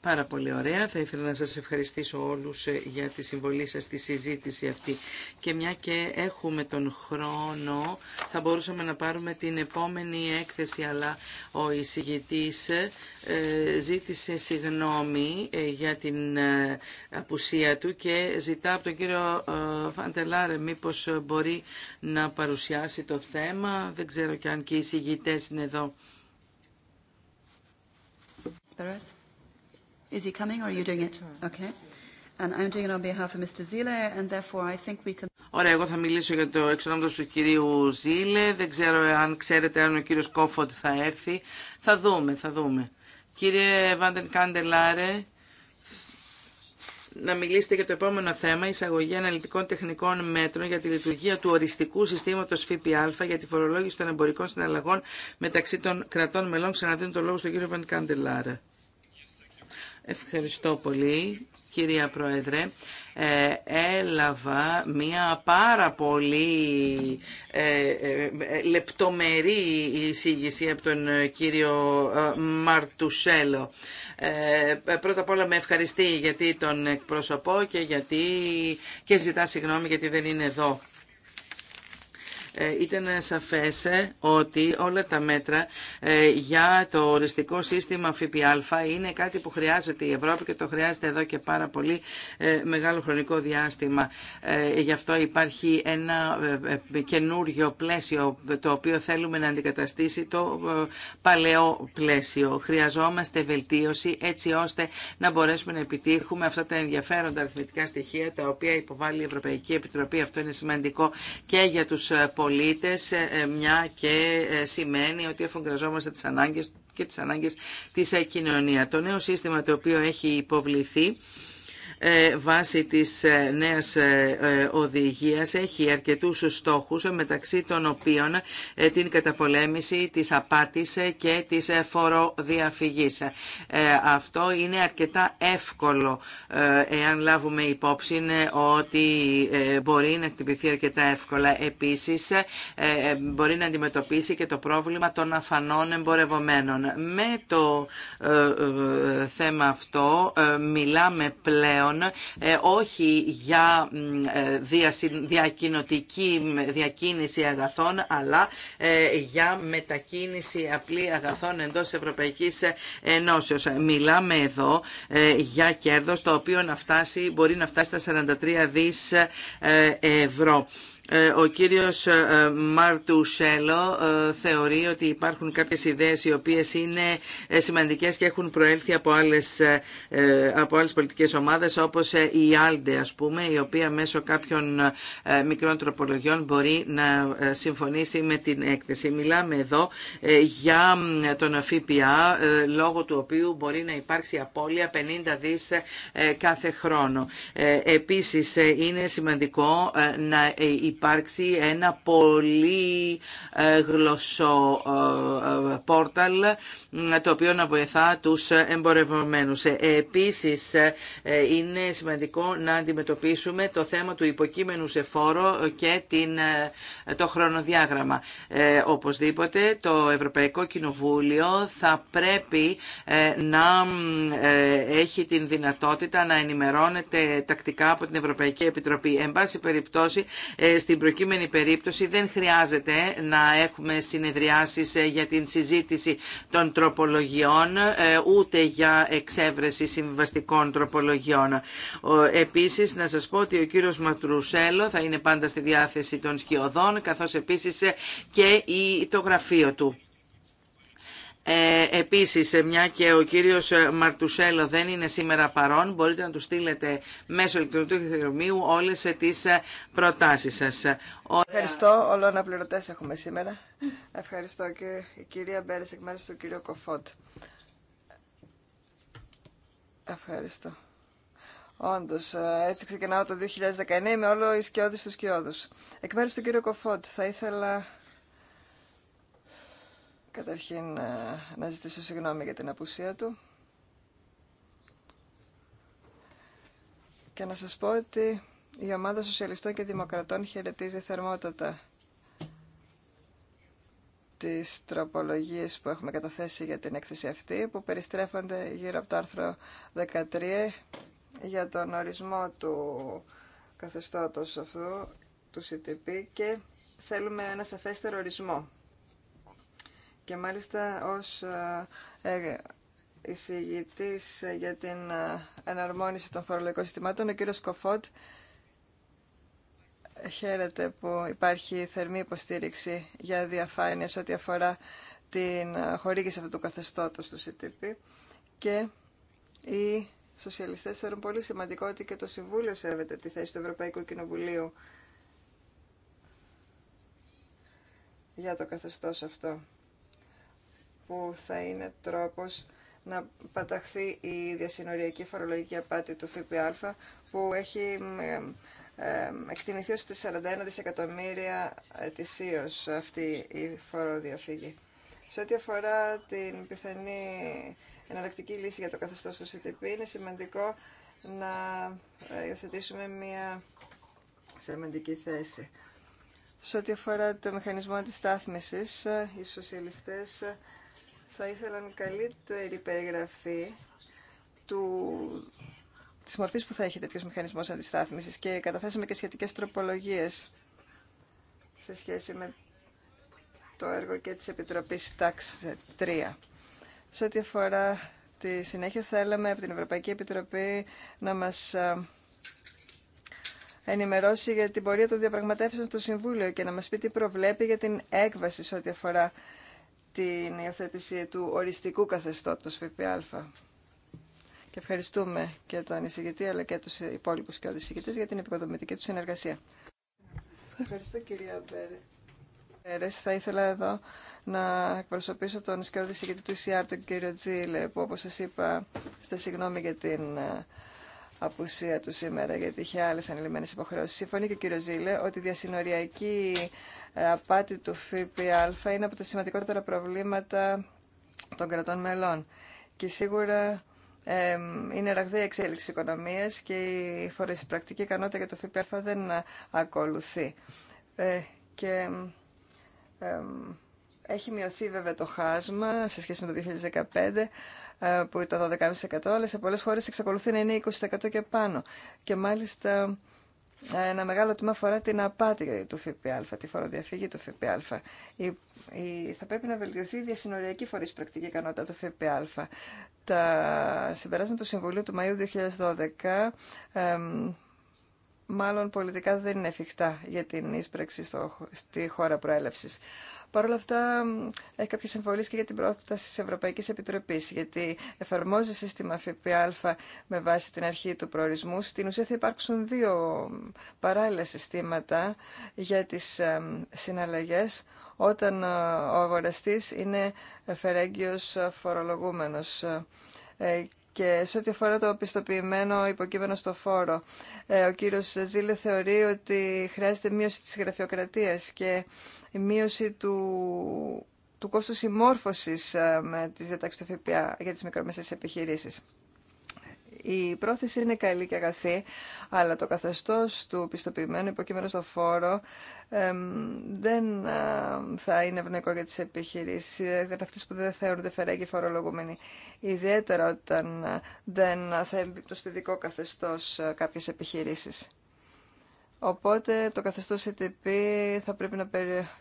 Πάρα πολύ ωραία. Θα ήθελα να σας ευχαριστήσω όλους ε, για τη συμβολή σας στη συζήτηση αυτή. Και μια και έχουμε τον χρόνο, θα μπορούσαμε να πάρουμε την επόμενη έκθεση, αλλά ο εισηγητής ε, ζήτησε συγνώμη ε, για την απουσία του και ζητά από τον κύριο Φαντελάρε μήπως μπορεί να παρουσιάσει το θέμα. Δεν ξέρω και αν και οι εισηγητές είναι εδώ. Is he coming or are you doing it? Okay. And I'm doing it on behalf of Mr. and therefore I think we can... Ωραία, εγώ θα μιλήσω για το εξονόμητος του κυρίου Ζήλε. Δεν ξέρω αν ξέρετε αν ο κύριος Κόφοντ θα έρθει. Θα δούμε, θα δούμε. Κύριε Βάντεν Κάντελάρε, να μιλήσετε για το επόμενο θέμα, εισαγωγή αναλυτικών τεχνικών μέτρων για τη λειτουργία του οριστικού συστήματο ΦΠΑ για τη φορολόγηση των εμπορικών συναλλαγών μεταξύ των κρατών μελών. Ξαναδίνω το λόγο στον κύριο Βαν Καντελάρα. Ευχαριστώ πολύ, κυρία Πρόεδρε. Ε, έλαβα μία πάρα πολύ ε, ε, λεπτομερή εισήγηση από τον κύριο Μαρτουσέλο. Πρώτα απ' όλα με ευχαριστεί γιατί τον εκπροσωπώ και, γιατί, και ζητά συγγνώμη γιατί δεν είναι εδώ. Ε, ήταν σαφές ε, ότι όλα τα μέτρα ε, για το οριστικό σύστημα ΦΠΑ είναι κάτι που χρειάζεται η Ευρώπη και το χρειάζεται εδώ και πάρα πολύ μεγάλο χρονικό διάστημα. Γι' αυτό υπάρχει ένα καινούριο πλαίσιο το οποίο θέλουμε να αντικαταστήσει το παλαιό πλαίσιο. Χρειαζόμαστε βελτίωση έτσι ώστε να μπορέσουμε να επιτύχουμε αυτά τα ενδιαφέροντα αριθμητικά στοιχεία τα οποία υποβάλλει η Ευρωπαϊκή Επιτροπή. Αυτό είναι σημαντικό και για τους πολίτες ε, ε, μια και ε, σημαίνει ότι εφογκραζόμαστε τις ανάγκες και τις ανάγκες της κοινωνία. Το νέο σύστημα το οποίο έχει υποβληθεί ε, βάσει της ε, νέας ε, οδηγίας έχει αρκετούς στόχους μεταξύ των οποίων την καταπολέμηση της απάτης και της φοροδιαφυγής. Αυτό είναι αρκετά εύκολο εάν λάβουμε υπόψη ότι μπορεί να χτυπηθεί αρκετά εύκολα. Επίσης μπορεί να αντιμετωπίσει και το πρόβλημα των αφανών εμπορευομένων. Με το θέμα αυτό μιλάμε πλέον ε, όχι για ε, διακοινωτική διακίνηση αγαθών αλλά ε, για μετακίνηση απλή αγαθών εντός Ευρωπαϊκής Ενώσεως. Μιλάμε εδώ για κέρδος το οποίο να φτάσει, μπορεί να φτάσει στα 43 δις ευρώ. Ε, ο κύριος ε, Μαρτουσέλο ε, θεωρεί ότι υπάρχουν κάποιες ιδέες οι οποίες είναι σημαντικές και έχουν προέλθει από άλλες, από άλλες πολιτικές ομάδες όπως η Άλντε ας πούμε η οποία μέσω κάποιων μικρών τροπολογιών μπορεί να συμφωνήσει με την έκθεση. Μιλάμε εδώ για τον ΦΠΑ λόγω του οποίου μπορεί να υπάρξει απώλεια 50 δις κάθε χρόνο. Επίσης είναι σημαντικό να υπάρξει ένα πολύ ε, γλωσσό ε, ε, πόρταλ το οποίο να βοηθά τους εμπορευμένους. Επίσης είναι σημαντικό να αντιμετωπίσουμε το θέμα του υποκείμενου σε φόρο και την, το χρονοδιάγραμμα. Οπωσδήποτε το Ευρωπαϊκό Κοινοβούλιο θα πρέπει να έχει την δυνατότητα να ενημερώνεται τακτικά από την Ευρωπαϊκή Επιτροπή. Εν στην προκείμενη περίπτωση δεν χρειάζεται να έχουμε συνεδριάσεις ε, για την συζήτηση των τροπολογιών ε, ούτε για εξέβρεση συμβιβαστικών τροπολογιών. Επίσης να σας πω ότι ο κύριος Ματρουσέλο θα είναι πάντα στη διάθεση των σκιωδών καθώς επίσης ε, και το γραφείο του. Ε, επίσης, ε, μια και ο κύριος ε, Μαρτουσέλο δεν είναι σήμερα παρόν, μπορείτε να του στείλετε μέσω ηλεκτρονικού θερμίου όλες ε, τις προτάσεις σας. Ευχαριστώ. Όλο αναπληρωτές έχουμε σήμερα. Ευχαριστώ και η κυρία Μπέρες εκ μέρους του κύριου Κοφότ. Ευχαριστώ. Όντω, έτσι ξεκινάω το 2019 με όλο οι σκιώδη στου σκιώδου. Εκ μέρου του κύριου Κοφόντ, θα ήθελα Καταρχήν ε, να ζητήσω συγγνώμη για την απουσία του και να σας πω ότι η ομάδα Σοσιαλιστών και Δημοκρατών χαιρετίζει θερμότατα τις τροπολογίες που έχουμε καταθέσει για την έκθεση αυτή που περιστρέφονται γύρω από το άρθρο 13 για τον ορισμό του καθεστώτος αυτού του CTP και θέλουμε ένα σαφέστερο ορισμό και μάλιστα ως ε, ε, εισηγητής για την ε, εναρμόνιση των φορολογικών συστημάτων, ο κύριος Κοφότ χαίρεται που υπάρχει θερμή υποστήριξη για διαφάνεια ό,τι αφορά την χορήγηση αυτού του καθεστώτος του CTP και οι σοσιαλιστές θεωρούν πολύ σημαντικό ότι και το Συμβούλιο σέβεται τη θέση του Ευρωπαϊκού Κοινοβουλίου για το καθεστώς αυτό που θα είναι τρόπος να παταχθεί η διασυνοριακή φορολογική απάτη του ΦΠΑ που έχει εκτιμηθεί ως 41 δισεκατομμύρια ετησίως αυτή η φοροδιαφύγη. Σε ό,τι αφορά την πιθανή εναλλακτική λύση για το καθεστώς του CTP, είναι σημαντικό να ε, υιοθετήσουμε μια σημαντική θέση. Σε ό,τι αφορά το μηχανισμό αντιστάθμισης, ε, οι σοσιαλιστές ε, θα ήθελαν καλύτερη περιγραφή του, της μορφής που θα έχει τέτοιος μηχανισμός αντιστάθμισης και καταθέσαμε και σχετικές τροπολογίες σε σχέση με το έργο και της Επιτροπής Tax 3. Σε ό,τι αφορά τη συνέχεια θέλαμε από την Ευρωπαϊκή Επιτροπή να μας ε, ενημερώσει για την πορεία των διαπραγματεύσεων στο Συμβούλιο και να μας πει τι προβλέπει για την έκβαση σε ό,τι αφορά την υιοθέτηση του οριστικού καθεστώτος ΦΠΑ. Και ευχαριστούμε και τον εισηγητή αλλά και τους υπόλοιπους και εισηγητές, για την επικοδομητική του συνεργασία. Ευχαριστώ κυρία Μπέρε. Θα ήθελα εδώ να εκπροσωπήσω τον σκιώδη εισηγητή του ΙΣΙΑΡ, τον κύριο Τζίλε, που όπως σας είπα, στα συγγνώμη για την ε, απουσία του σήμερα γιατί είχε άλλε ανελημμένες υποχρεώσει. Συμφωνεί και ο κύριο Ζήλε ότι η διασυνοριακή ε, απάτη του ΦΠΑ είναι από τα σημαντικότερα προβλήματα των κρατών μελών και σίγουρα είναι ραγδαία εξέλιξη οικονομίας και η φορεσπρακτική ικανότητα για το ΦΠΑ δεν ε, ακολουθεί. Ε, και έχει μειωθεί βέβαια το χάσμα σε σχέση με το 2015, ε, που ήταν 12,5% αλλά σε πολλές χώρες εξακολουθεί να είναι 20% και πάνω. Και μάλιστα ε, ένα μεγάλο τμήμα αφορά την απάτη του ΦΠΑ, τη φοροδιαφύγη του ΦΠΑ. θα πρέπει να βελτιωθεί η διασυνοριακή φορή πρακτική ικανότητα του ΦΠΑ. Τα συμπεράσματα του Συμβουλίου του Μαΐου 2012 μάλλον πολιτικά δεν είναι εφικτά για την ίσπραξη στη χώρα προέλευσης. Παρ' όλα αυτά, έχει κάποιε εμβολίε και για την πρόταση τη Ευρωπαϊκή Επιτροπή, γιατί εφαρμόζει σύστημα ΦΠΑ με βάση την αρχή του προορισμού. Στην ουσία θα υπάρξουν δύο παράλληλα συστήματα για τι συναλλαγέ όταν ε, ο αγοραστής είναι φερέγγιος φορολογούμενος ε, και σε ό,τι αφορά το πιστοποιημένο υποκείμενο στο φόρο, ε, ο κύριος Ζήλε θεωρεί ότι χρειάζεται μείωση της γραφειοκρατίας και μείωση του, του κόστου συμμόρφωσης ε, με τις διατάξεις του ΦΠΑ για τις μικρομεσαίες επιχειρήσεις. Η πρόθεση είναι καλή και αγαθή, αλλά το καθεστώς του πιστοποιημένου υποκείμενου στο φόρο δεν θα είναι ευνοϊκό για τι επιχειρήσει. για αυτέ που δεν θεωρούνται φερέγγι φορολογούμενοι. Ιδιαίτερα όταν δεν θα εμπίπτουν στο ειδικό καθεστώς κάποιες επιχειρήσεις. Οπότε το καθεστώς ETP ε θα πρέπει να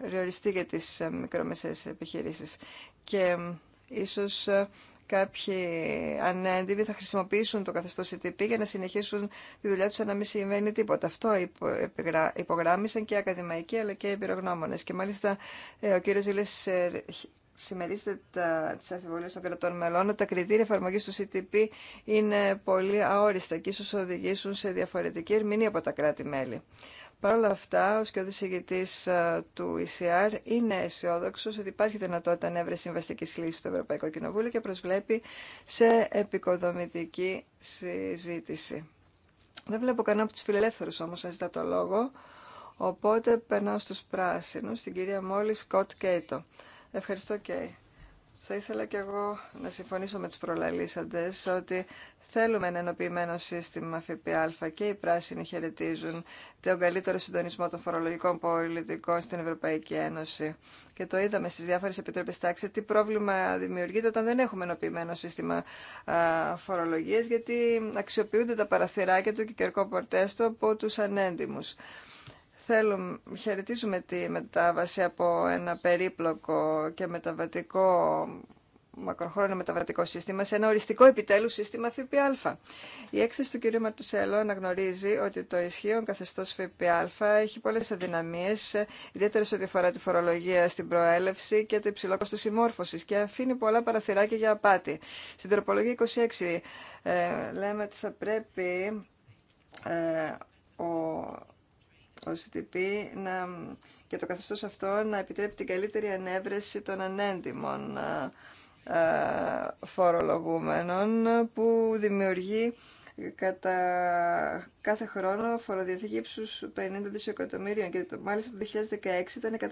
περιοριστεί για τις μικρομεσαίες επιχειρήσεις. Και ίσως κάποιοι ανέντιμοι θα χρησιμοποιήσουν το καθεστώ CTP για να συνεχίσουν τη δουλειά του σαν να μην συμβαίνει τίποτα. Αυτό υπογράμμισαν και οι ακαδημαϊκοί αλλά και οι εμπειρογνώμονε. Και μάλιστα ε, ο κύριο Ζήλε ε, συμμερίζεται τι αμφιβολίε των κρατών μελών ότι τα κριτήρια εφαρμογή του CTP είναι πολύ αόριστα και ίσω οδηγήσουν σε διαφορετική ερμηνεία από τα κράτη-μέλη. Παρ' όλα αυτά, ο σκιώδη ε, του ECR είναι αισιόδοξο ότι υπάρχει δυνατότητα ανέβρεση συμβαστική λύση στο Ευρωπαϊκό Κοινοβούλιο και προσβλέπει σε επικοδομητική συζήτηση. Δεν βλέπω κανένα από του φιλελεύθερου όμω να ζητά το λόγο, οπότε περνάω στους πράσινους, στην κυρία Μόλι Σκοτ Κέιτο. Ευχαριστώ, Κέι. Θα ήθελα και εγώ να συμφωνήσω με τους προλαλήσαντες ότι θέλουμε ένα ενοποιημένο σύστημα ΦΠΑ και οι πράσινοι χαιρετίζουν τον καλύτερο συντονισμό των φορολογικών πολιτικών στην Ευρωπαϊκή Ένωση. Και το είδαμε στις διάφορες επιτροπές τάξη τι πρόβλημα δημιουργείται όταν δεν έχουμε ενοποιημένο σύστημα φορολογίας γιατί αξιοποιούνται τα παραθυράκια του και οι κερκόπορτές του από τους ανέντιμους θέλουμε, χαιρετίζουμε τη μετάβαση από ένα περίπλοκο και μεταβατικό μακροχρόνιο μεταβατικό σύστημα σε ένα οριστικό επιτέλους σύστημα ΦΠΑ. Η έκθεση του κ. Μαρτουσέλο αναγνωρίζει ότι το ισχύον καθεστώς ΦΠΑ έχει πολλές αδυναμίες, ιδιαίτερα σε ό,τι αφορά τη φορολογία στην προέλευση και το υψηλό κόστος συμμόρφωσης και αφήνει πολλά παραθυράκια για απάτη. Στην τροπολογία 26 ε, λέμε ότι θα πρέπει... Ε, ο να, και το καθεστώς αυτό να επιτρέπει την καλύτερη ανέβρεση των ανέντιμων ε, ε, φορολογούμενων που δημιουργεί κατά κάθε χρόνο φοροδιαφύγει ύψου 50 δισεκατομμύριων και το, μάλιστα το 2016 ήταν 147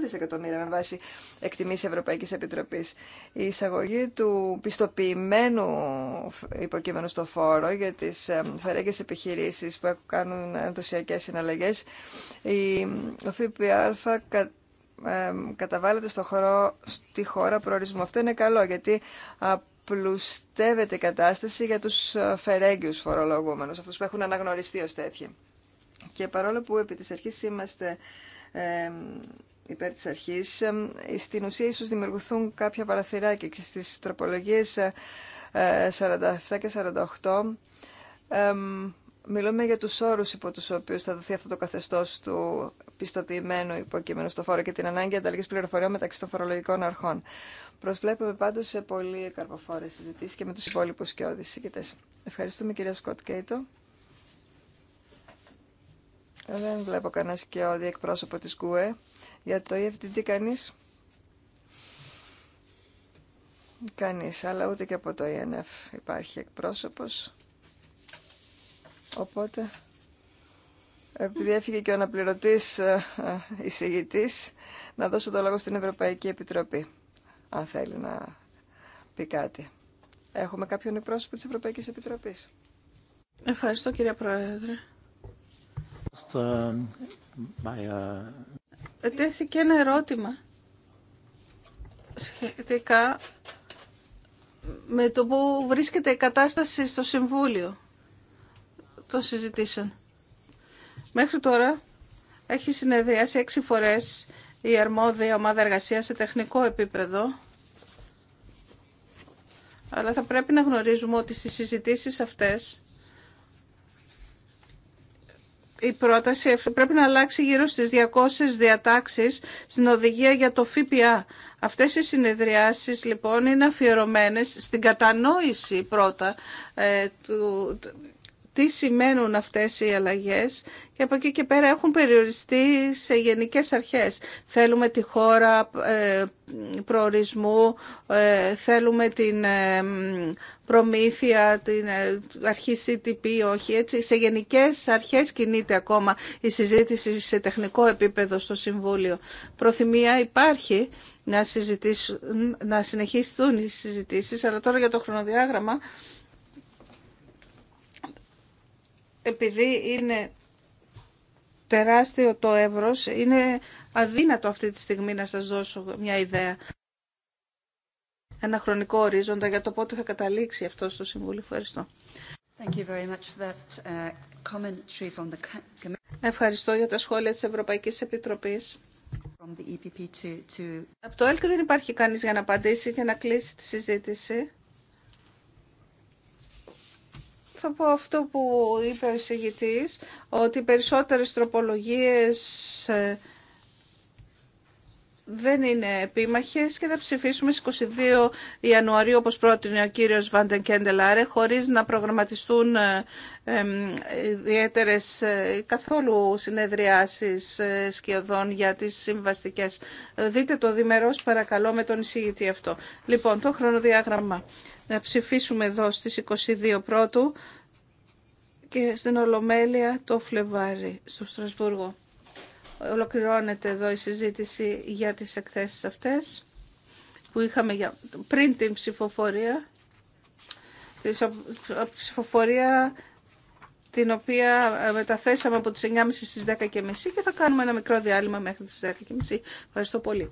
δισεκατομμύρια με βάση εκτιμήσεις Ευρωπαϊκής Επιτροπής. Η εισαγωγή του πιστοποιημένου υποκείμενου στο φόρο για τις ε, φερέγγε επιχειρήσεις που κάνουν ενθουσιακές συναλλαγές, η, ο ΦΠΑ ε, καταβάλλεται στο χώρο, στη χώρα προορισμού. Αυτό είναι καλό γιατί πλουστεύεται η κατάσταση για τους ε, φερέγγιους φορολογούμενους, αυτούς που έχουν αναγνωριστεί ως τέτοιοι. Και παρόλο που επί της αρχής είμαστε ε, υπέρ της αρχής, στην ουσία ίσως δημιουργηθούν κάποια παραθυράκια και στις τροπολογίες 47 ε, ε, και 48 ε, μιλούμε για τους όρους υπό τους οποίους θα δοθεί αυτό το καθεστώς του πιστοποιημένο υποκείμενο στο φόρο και την ανάγκη ανταλλαγή πληροφοριών μεταξύ των φορολογικών αρχών. Προσβλέπουμε πάντω σε πολύ καρποφόρε συζητήσει και με του υπόλοιπου και οδησίγητε. Ευχαριστούμε κυρία Σκοτ Κέιτο. Δεν βλέπω κανένα και εκπρόσωπο τη ΚΟΕ. Για το EFTD κανεί. Κανεί, αλλά ούτε και από το ENF υπάρχει εκπρόσωπο. Οπότε επειδή έφυγε και ο αναπληρωτή ε, ε, εισηγητή, να δώσω το λόγο στην Ευρωπαϊκή Επιτροπή, αν θέλει να πει κάτι. Έχουμε κάποιον εκπρόσωπο τη Ευρωπαϊκής Επιτροπής. Ευχαριστώ κύριε Πρόεδρε. Um, uh, Ετέθηκε ένα ερώτημα σχετικά με το που βρίσκεται η κατάσταση στο Συμβούλιο των συζητήσεων. Μέχρι τώρα έχει συνεδριάσει έξι φορές η αρμόδια ομάδα εργασία σε τεχνικό επίπεδο. Αλλά θα πρέπει να γνωρίζουμε ότι στις συζητήσεις αυτές η πρόταση πρέπει να αλλάξει γύρω στις 200 διατάξεις στην οδηγία για το ΦΠΑ. Αυτές οι συνεδριάσεις λοιπόν είναι αφιερωμένες στην κατανόηση πρώτα ε, του, τι σημαίνουν αυτές οι αλλαγές και από εκεί και πέρα έχουν περιοριστεί σε γενικές αρχές. Θέλουμε τη χώρα ε, προορισμού, ε, θέλουμε την ε, προμήθεια, την αρχή CTP, όχι έτσι. Σε γενικές αρχές κινείται ακόμα η συζήτηση σε τεχνικό επίπεδο στο Συμβούλιο. Προθυμία υπάρχει να, να συνεχιστούν οι συζητήσεις, αλλά τώρα για το χρονοδιάγραμμα επειδή είναι τεράστιο το εύρος, είναι αδύνατο αυτή τη στιγμή να σας δώσω μια ιδέα. Ένα χρονικό ορίζοντα για το πότε θα καταλήξει αυτό στο Συμβούλιο. Ευχαριστώ. Thank you very much for that uh, from the... Ευχαριστώ για τα σχόλια της Ευρωπαϊκής Επιτροπής. From the e to... Από το ΕΛΚ δεν υπάρχει κανείς για να απαντήσει για να κλείσει τη συζήτηση θα πω αυτό που είπε ο εισηγητής, ότι περισσότερες τροπολογίες ε, δεν είναι επίμαχε και θα ψηφίσουμε στι 22 Ιανουαρίου όπω πρότεινε ο κύριος Βάντεν Κέντελάρε χωρί να προγραμματιστούν ε, ιδιαίτερε ε, καθόλου συνεδριάσεις ε, σκιωδών για τις συμβαστικές. Δείτε το διμερός παρακαλώ με τον εισηγητή αυτό. Λοιπόν, το χρονοδιάγραμμα. Να ψηφίσουμε εδώ στις 22 πρώτου και στην Ολομέλεια το Φλεβάρι στο Στρασβούργο. Ολοκληρώνεται εδώ η συζήτηση για τις εκθέσεις αυτές που είχαμε πριν την ψηφοφορία. Τη ψηφοφορία την οποία ε, μεταθέσαμε από τις 9.30 στις 10.30 και θα κάνουμε ένα μικρό διάλειμμα μέχρι τις 10.30. Ευχαριστώ πολύ.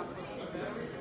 Ευχαριστώ.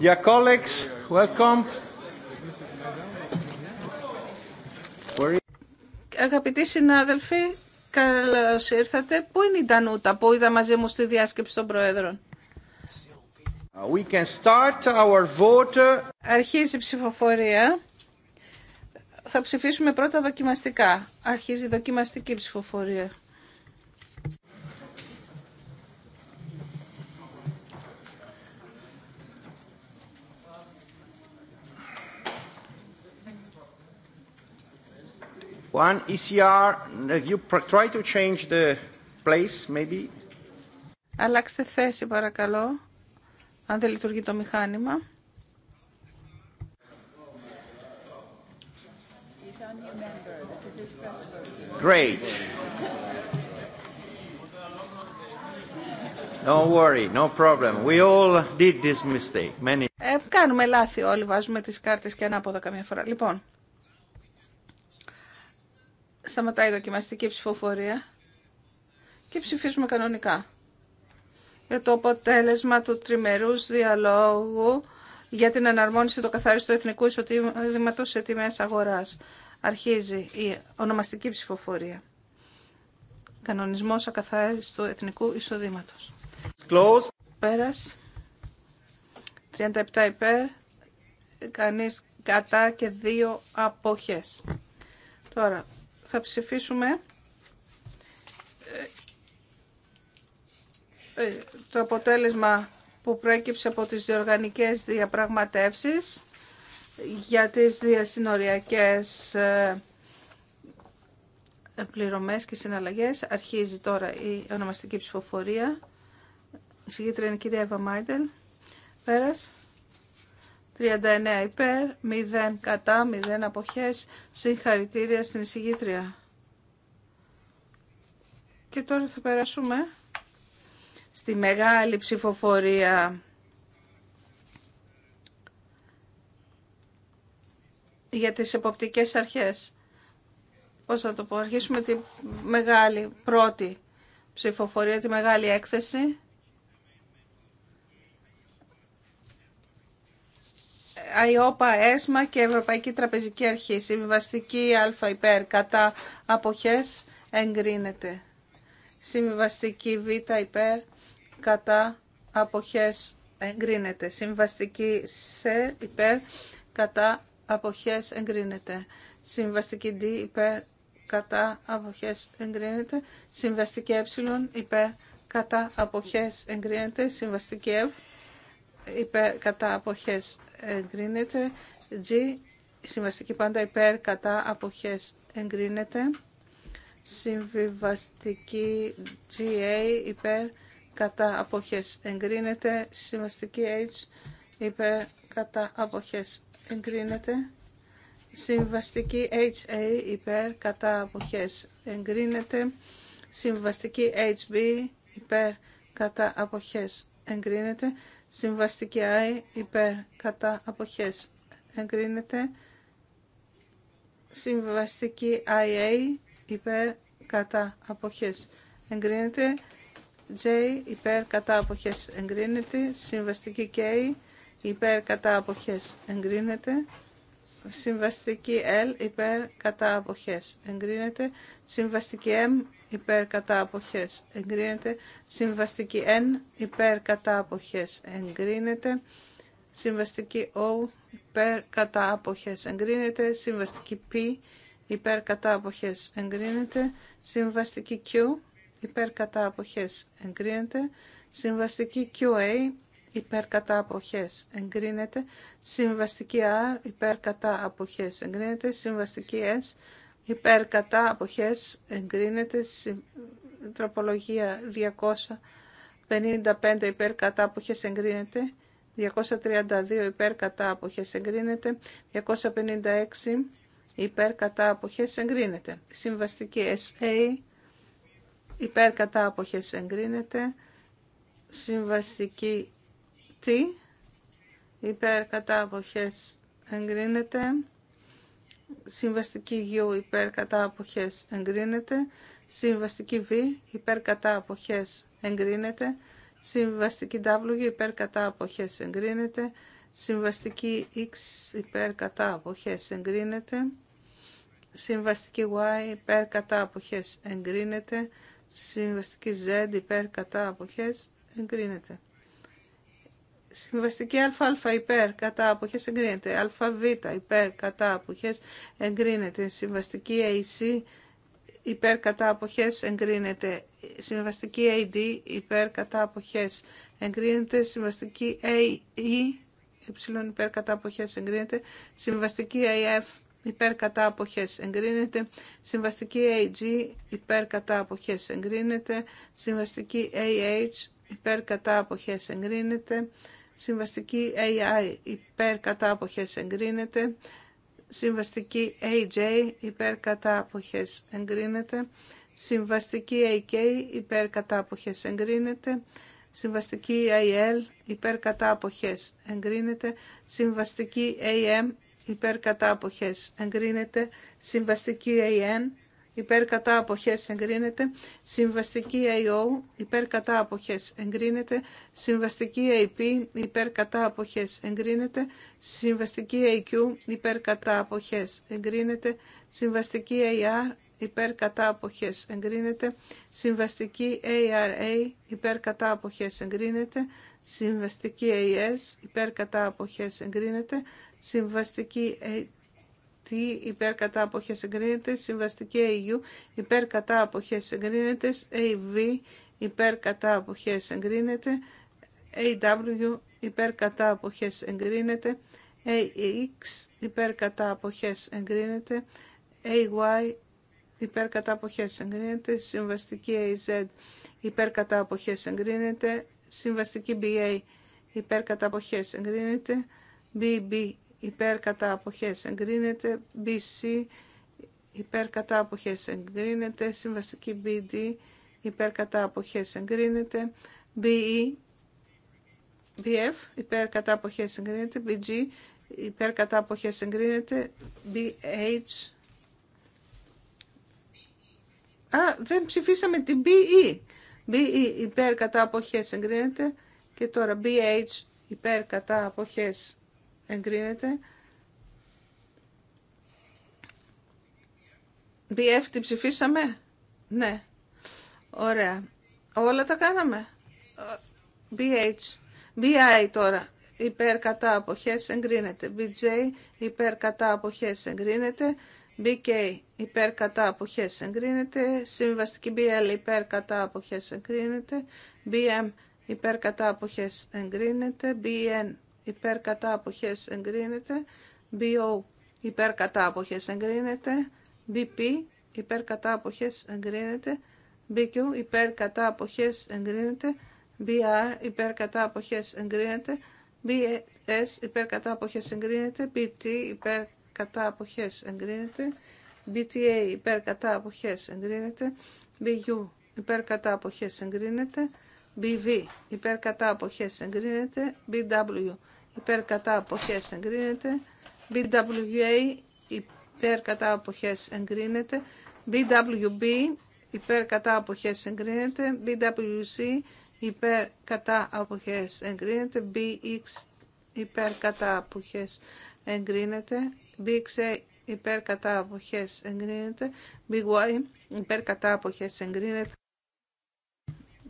Dear colleagues, welcome. Αγαπητοί συνάδελφοι, καλώς ήρθατε. Πού είναι η Ντανούτα που είδα μαζί μου στη διάσκεψη των Προέδρων. Uh, we can start our vote. Αρχίζει η ψηφοφορία. Θα ψηφίσουμε πρώτα δοκιμαστικά. Αρχίζει η δοκιμαστική ψηφοφορία. One ECR, you try to change the place, maybe. Αλλάξτε θέση παρακαλώ, αν δεν λειτουργεί το μηχάνημα. Great. Don't worry, no problem. We all did this mistake. Many... Ε, κάνουμε λάθη όλοι, βάζουμε τις κάρτες και ανάποδα καμιά φορά. Λοιπόν, Σταματάει η δοκιμαστική ψηφοφορία και ψηφίζουμε κανονικά για το αποτέλεσμα του τριμερούς διαλόγου για την αναρμόνιση του καθαρίστου εθνικού εισοδήματος σε τιμές αγοράς. Αρχίζει η ονομαστική ψηφοφορία. Κανονισμός ακαθάριστου εθνικού εισοδήματος. Close. Πέρας. 37 υπέρ. Κανείς κατά και δύο αποχές. Τώρα, θα ψηφίσουμε ε, ε, το αποτέλεσμα που προέκυψε από τις διοργανικές διαπραγματεύσεις για τις διασυνοριακές ε, πληρωμές και συναλλαγές. Αρχίζει τώρα η ονομαστική ψηφοφορία. Η συγκίτρια είναι κυρία Εύα Μάιντελ. Πέρας. 39 υπέρ, 0 κατά, 0 αποχές. Συγχαρητήρια στην εισηγήτρια. Και τώρα θα περάσουμε στη μεγάλη ψηφοφορία για τις εποπτικές αρχές. Πώς θα το πω, αρχίσουμε τη μεγάλη πρώτη ψηφοφορία, τη μεγάλη έκθεση. ΑΙΟΠΑ, ΕΣΜΑ και Ευρωπαϊκή Τραπεζική Αρχή. Συμβιβαστική Α υπέρ κατά αποχές εγκρίνεται. Συμβιβαστική Β υπέρ κατά αποχές εγκρίνεται. Συμβαστική Σ υπέρ κατά αποχές εγκρίνεται. Συμβαστική Δ υπέρ κατά αποχές εγκρίνεται. Συμβαστική Ε υπέρ κατά αποχές εγκρίνεται. Συμβαστική Ε υπέρ κατά αποχές εγκρίνεται. G, συμβαστική πάντα υπέρ, κατά, αποχές, εγκρίνεται. Συμβιβαστική GA υπέρ, κατά, αποχές, εγκρίνεται. Συμβαστική H υπέρ, κατά, αποχές, εγκρίνεται. Συμβαστική HA υπέρ, κατά, αποχές, εγκρίνεται. Συμβαστική HB υπέρ, κατά, αποχές, εγκρίνεται. Συμβαστική I υπέρ κατά αποχές εγκρίνεται. Συμβαστική IA υπέρ κατά αποχές εγκρίνεται. J υπέρ κατά αποχές εγκρίνεται. Συμβαστική K υπέρ κατά αποχές εγκρίνεται. Συμβαστική L υπέρ κατά αποχές εγκρίνεται. Συμβαστική M υπέρ κατά αποχές εγκρίνεται. Συμβαστική N υπέρ κατά αποχές εγκρίνεται. Συμβαστική O υπέρ κατά αποχές εγκρίνεται. Συμβαστική P υπέρ κατά αποχές εγκρίνεται. Συμβαστική Q υπέρ κατά αποχές εγκρίνεται. Συμβαστική QA Υπερκατά αποχές εγκρίνεται, συμβαστική R Υπερκατά αποχές εγκρίνεται, συμβαστική S Υπερκατά αποχές εγκρίνεται, τροπολογία 255 Υπερκατά αποχές εγκρίνεται, 232 Υπερκατά αποχές εγκρίνεται, 256 υπέρ κατά αποχές εγκρίνεται, συμβαστική SA υπέρ κατά αποχές εγκρίνεται, συμβαστική δεκτή. Υπέρ κατά εγκρίνεται. Συμβαστική γιού υπέρ εγκρίνεται. Συμβαστική Β υπέρ κατά αποχές εγκρίνεται. Συμβαστική W υπέρ κατά εγκρίνεται. Συμβαστική X υπέρ κατά αποχές εγκρίνεται. Συμβαστική Y υπέρ κατά αποχές εγκρίνεται. Συμβαστική Z υπέρ αποχές εγκρίνεται. Συμβαστική ΑΑ υπέρ κατά αποχές εγκρίνεται. ΑΒ υπέρ κατά αποχές εγκρίνεται. Συμβαστική AC υπέρ κατά αποχές εγκρίνεται. Συμβαστική AD υπέρ κατά αποχές εγκρίνεται. Συμβαστική AE υψηλών ε υπέρ κατά αποχές εγκρίνεται. Συμβαστική AF υπέρ κατά αποχές εγκρίνεται. Συμβαστική AG υπέρ κατά αποχές εγκρίνεται. Συμβαστική AH υπέρ κατά αποχές εγκρίνεται. Συμβαστική AI υπέρ κατά αποχές εγκρίνεται. Συμβαστική AJ υπέρ κατά αποχές εγκρίνεται. Συμβαστική AK υπέρ κατά αποχές εγκρίνεται. Συμβαστική AL υπέρ κατά αποχές εγκρίνεται. Συμβαστική AM υπέρ κατά αποχές εγκρίνεται. Συμβαστική AN υπέρ κατά αποχές εγκρίνεται, συμβαστική AO, υπέρ κατά αποχές εγκρίνεται, συμβαστική AP, υπέρ κατά αποχές εγκρίνεται, συμβαστική AQ, υπέρ κατά αποχές εγκρίνεται, συμβαστική AR, υπέρ κατά αποχές εγκρίνεται, συμβαστική ARA, υπέρ κατά αποχές εγκρίνεται, συμβαστική AS, υπέρ κατά αποχές εγκρίνεται, συμβαστική τι υπέρ κατά αποχές εγκρίνεται, συμβαστική AU υπέρ κατά αποχές εγκρίνεται, AV υπέρ κατά αποχές εγκρίνεται, AW υπέρ κατά αποχές εγκρίνεται, AX υπέρ κατά αποχές εγκρίνεται, AY υπέρ κατά αποχές εγκρίνεται, συμβαστική AZ υπέρ κατά αποχές εγκρίνεται, συμβαστική BA υπέρ κατά αποχές εγκρίνεται, BB υπέρ κατά αποχές εγκρίνεται, BC υπέρ κατά αποχές εγκρίνεται, συμβαστική BD υπέρ κατά αποχές εγκρίνεται, BE, BF υπέρ κατά αποχές εγκρίνεται, BG υπέρ κατά αποχές εγκρίνεται, BH Α, δεν ψηφίσαμε την BE. BE υπέρ κατά αποχές εγκρίνεται και τώρα BH υπέρ κατά αποχές εγκρίνεται. BF την ψηφίσαμε. Ναι. Ωραία. Όλα τα κάναμε. BH. BI τώρα. Υπέρ κατά αποχές εγκρίνεται. BJ. Υπέρ κατά αποχές εγκρίνεται. BK. Υπέρ κατά αποχές εγκρίνεται. Συμβαστική BL. Υπέρ κατά αποχές εγκρίνεται. BM. Υπέρ κατά αποχές εγκρίνεται. BN υπέρ κατά αποχές εγκρίνεται, BO υπέρ κατά αποχές εγκρίνεται, BP υπέρ κατά αποχές εγκρίνεται, BQ υπέρ κατά αποχές εγκρίνεται, BR υπέρ κατά αποχές εγκρίνεται, BS υπέρ κατά αποχές εγκρίνεται, BT υπέρ κατά αποχές εγκρίνεται, BTA υπέρ κατά αποχές εγκρίνεται, BU υπέρ κατά αποχές εγκρίνεται, BV υπέρ κατά αποχές εγκρίνεται, BW υπέρ κατά αποχές εγκρίνεται. BWA υπέρ κατά αποχές εγκρίνεται. BWB υπέρ κατά αποχές εγκρίνεται. BWC υπέρ κατά αποχές εγκρίνεται. BX υπέρ κατά αποχές εγκρίνεται. BXA υπέρ κατά αποχές εγκρίνεται. BY υπέρ κατά αποχές εγκρίνεται.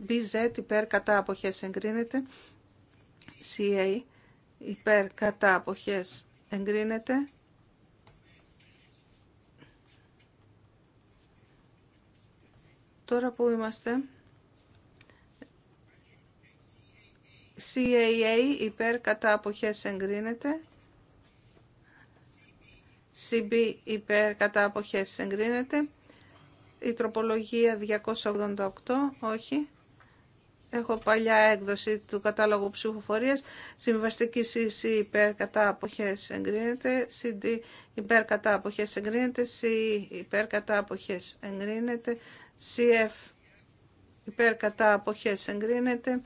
BZ υπέρ κατά αποχές εγκρίνεται. CA υπέρ κατά αποχές εγκρίνεται. Τώρα που είμαστε, CAA υπέρ κατά αποχές εγκρίνεται. CB υπέρ κατά αποχές εγκρίνεται. Η τροπολογία 288, όχι. Έχω παλιά έκδοση του κατάλογου ψηφοφορία. Συμβαστική CC υπέρ κατά αποχές εγκρίνεται. CD υπέρ κατά αποχές εγκρίνεται. C, υπέρ κατά αποχές εγκρίνεται. CF υπέρ κατά αποχές εγκρίνεται.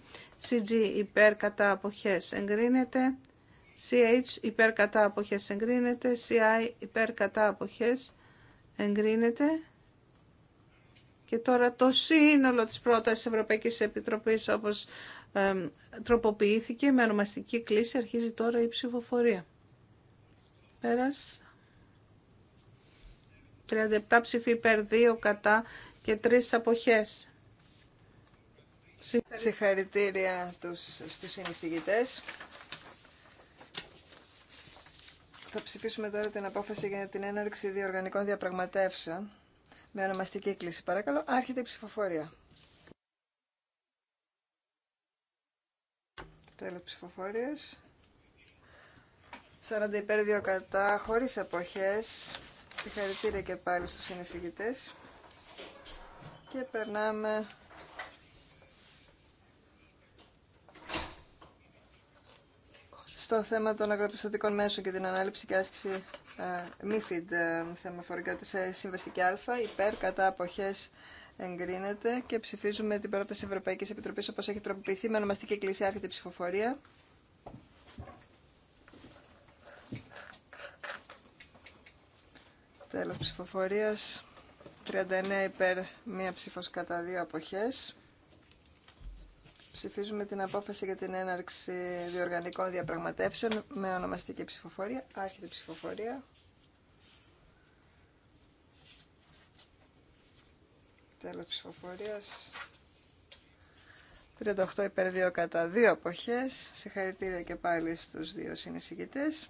CG υπέρ κατά αποχές εγκρίνεται. CH υπέρ κατά αποχές εγκρίνεται. CI υπέρ κατά αποχές εγκρίνεται. Και τώρα το σύνολο της πρότασης Ευρωπαϊκής Επιτροπής όπως τροποποιήθηκε με ονομαστική κλίση αρχίζει τώρα η ψηφοφορία. Πέρας. 37 ψηφί υπέρ 2 κατά και 3 αποχές. Συγχαρητήρια τους, στους συνεισηγητές. Θα ψηφίσουμε τώρα την απόφαση για την έναρξη διοργανικών διαπραγματεύσεων με ονομαστική κλίση. Παρακαλώ, άρχεται η ψηφοφορία. Τέλο ψηφοφορία. 40 υπέρ 2 κατά, χωρίς εποχές. Συγχαρητήρια και πάλι στους συνεισηγητέ. Και περνάμε... Στο θέμα των αγροπιστωτικών μέσων και την ανάληψη και άσκηση μύφιντ ε, ε, θεμαφορικά σε συμβαστική α, υπέρ, κατά αποχές εγκρίνεται και ψηφίζουμε την πρόταση Ευρωπαϊκής Επιτροπής όπως έχει τροποποιηθεί με ονομαστική κλίση άρχεται ψηφοφορία. Τέλος ψηφοφορίας. 39 υπέρ, μία ψήφος κατά δύο αποχές. Ψηφίζουμε την απόφαση για την έναρξη διοργανικών διαπραγματεύσεων με ονομαστική ψηφοφορία. Άρχεται ψηφοφορία. Τέλος ψηφοφορίας. 38 υπέρ 2 κατά 2 αποχές. Συγχαρητήρια και πάλι στους δύο συνεισηγητές.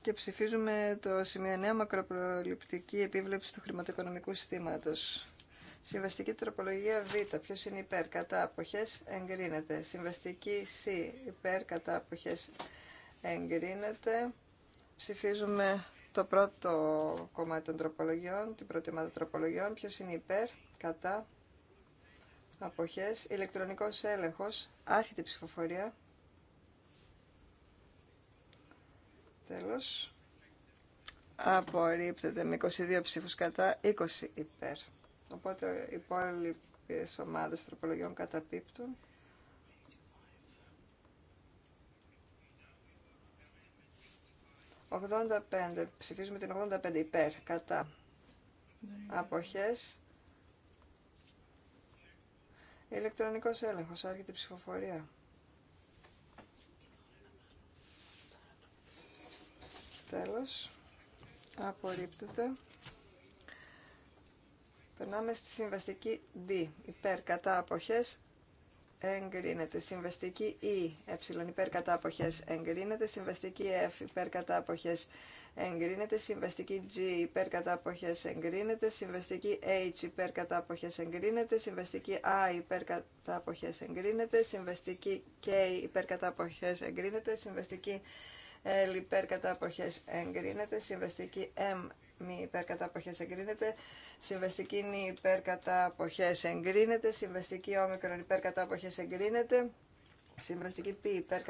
Και ψηφίζουμε το σημείο 9 μακροπροληπτική επίβλεψη του χρηματοοικονομικού συστήματος. Συμβαστική τροπολογία Β. Ποιος είναι υπέρ κατά αποχές εγκρίνεται. Συμβαστική Σ. Υπέρ κατά αποχές εγκρίνεται. Ψηφίζουμε το πρώτο κομμάτι των τροπολογιών, την πρώτη ομάδα τροπολογιών, ποιο είναι υπέρ, κατά, αποχές, ηλεκτρονικός έλεγχος, άρχιτη ψηφοφορία. Τέλος. Απορρίπτεται με 22 ψήφους κατά, 20 υπέρ. Οπότε οι υπόλοιπες ομάδες τροπολογιών καταπίπτουν. 85. Ψηφίζουμε την 85 υπέρ. Κατά. Αποχές. Ηλεκτρονικός έλεγχος. Άρχεται η ψηφοφορία. Τέλος. Απορρίπτεται. Περνάμε στη συμβαστική D. Υπέρ κατά αποχές εγκρίνεται. Συμβαστική Ι, e, ε υπέρ εγκρίνεται. Συμβαστική F υπέρ εγκρίνεται. Συμβαστική G υπέρ εγκρίνεται. Συμβαστική H υπέρ εγκρίνεται. Συμβαστική I υπέρ εγκρίνεται. Συμβαστική K υπέρ εγκρίνεται. Συμβαστική L εγκρίνεται. Συμβαστική M μη υπέρ εγκρίνεται, συμβαστική νη υπέρ εγκρίνεται, συμβαστική όμικρον υπέρ κατά αποχές εγκρίνεται, συμβαστική π υπέρ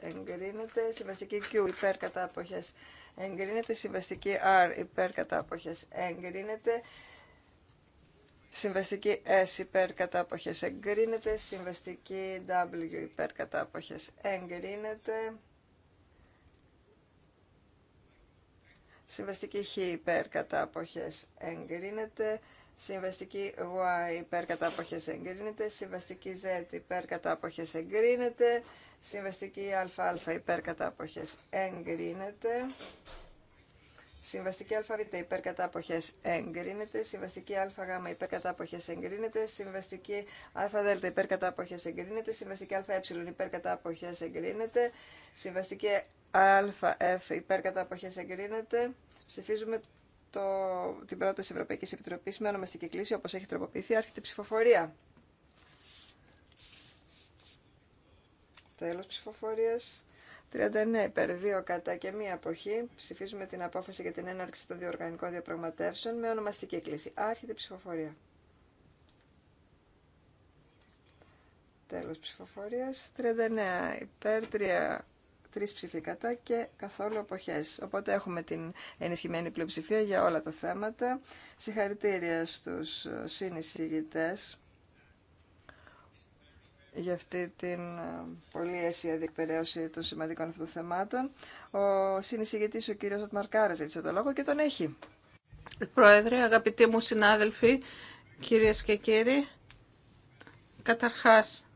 εγκρίνεται, συμβαστική Q υπέρ κατά αποχές εγκρίνεται, συμβαστική R υπέρ αποχές εγκρίνεται, Συμβαστική S υπέρ κατά αποχές εγκρίνεται, συμβαστική W υπέρ κατά εγκρίνεται, Συμβαστική Χ υπέρ κατά αποχές εγκρίνεται. Συμβαστική Y υπέρ κατά αποχές εγκρίνεται. Συμβαστική Z υπέρ κατά αποχές εγκρίνεται. Συμβαστική ΑΑ υπέρ κατά αποχές εγκρίνεται. Συμβαστική ΑΒ υπέρ κατά αποχές εγκρίνεται. Συμβαστική ΑΓ υπέρ κατά αποχές εγκρίνεται. Συμβαστική ΑΔ υπέρ κατά αποχές εγκρίνεται. Συμβαστική ΑΕ υπέρ κατά αποχές εγκρίνεται. Συμβαστική ΑΕΦ υπέρ κατά αποχές εγκρίνεται. Ψηφίζουμε το, την πρόταση Ευρωπαϊκής Επιτροπής με ονομαστική κλίση όπως έχει τροποποιηθεί. Άρχεται ψηφοφορία. Τέλος ψηφοφορίας. 39 υπέρ 2 κατά και μία αποχή. Ψηφίζουμε την απόφαση για την έναρξη των διοργανικών διαπραγματεύσεων με ονομαστική κλίση. Άρχεται ψηφοφορία. Τέλος ψηφοφορίας. 39 υπέρ 3 Τρεις ψηφίκατα και καθόλου αποχές. Οπότε έχουμε την ενισχυμένη πλειοψηφία για όλα τα θέματα. Συγχαρητήρια στους συνεισηγητές για αυτή την ε, πολύ αίσια διεκπαιρέωση των σημαντικών αυτών θεμάτων. Ο συνεισηγητής ο κύριος Ατμαρκάρα ζήτησε το λόγο και τον έχει. Πρόεδρε, αγαπητοί μου συνάδελφοι, κυρίες και κύριοι, καταρχάς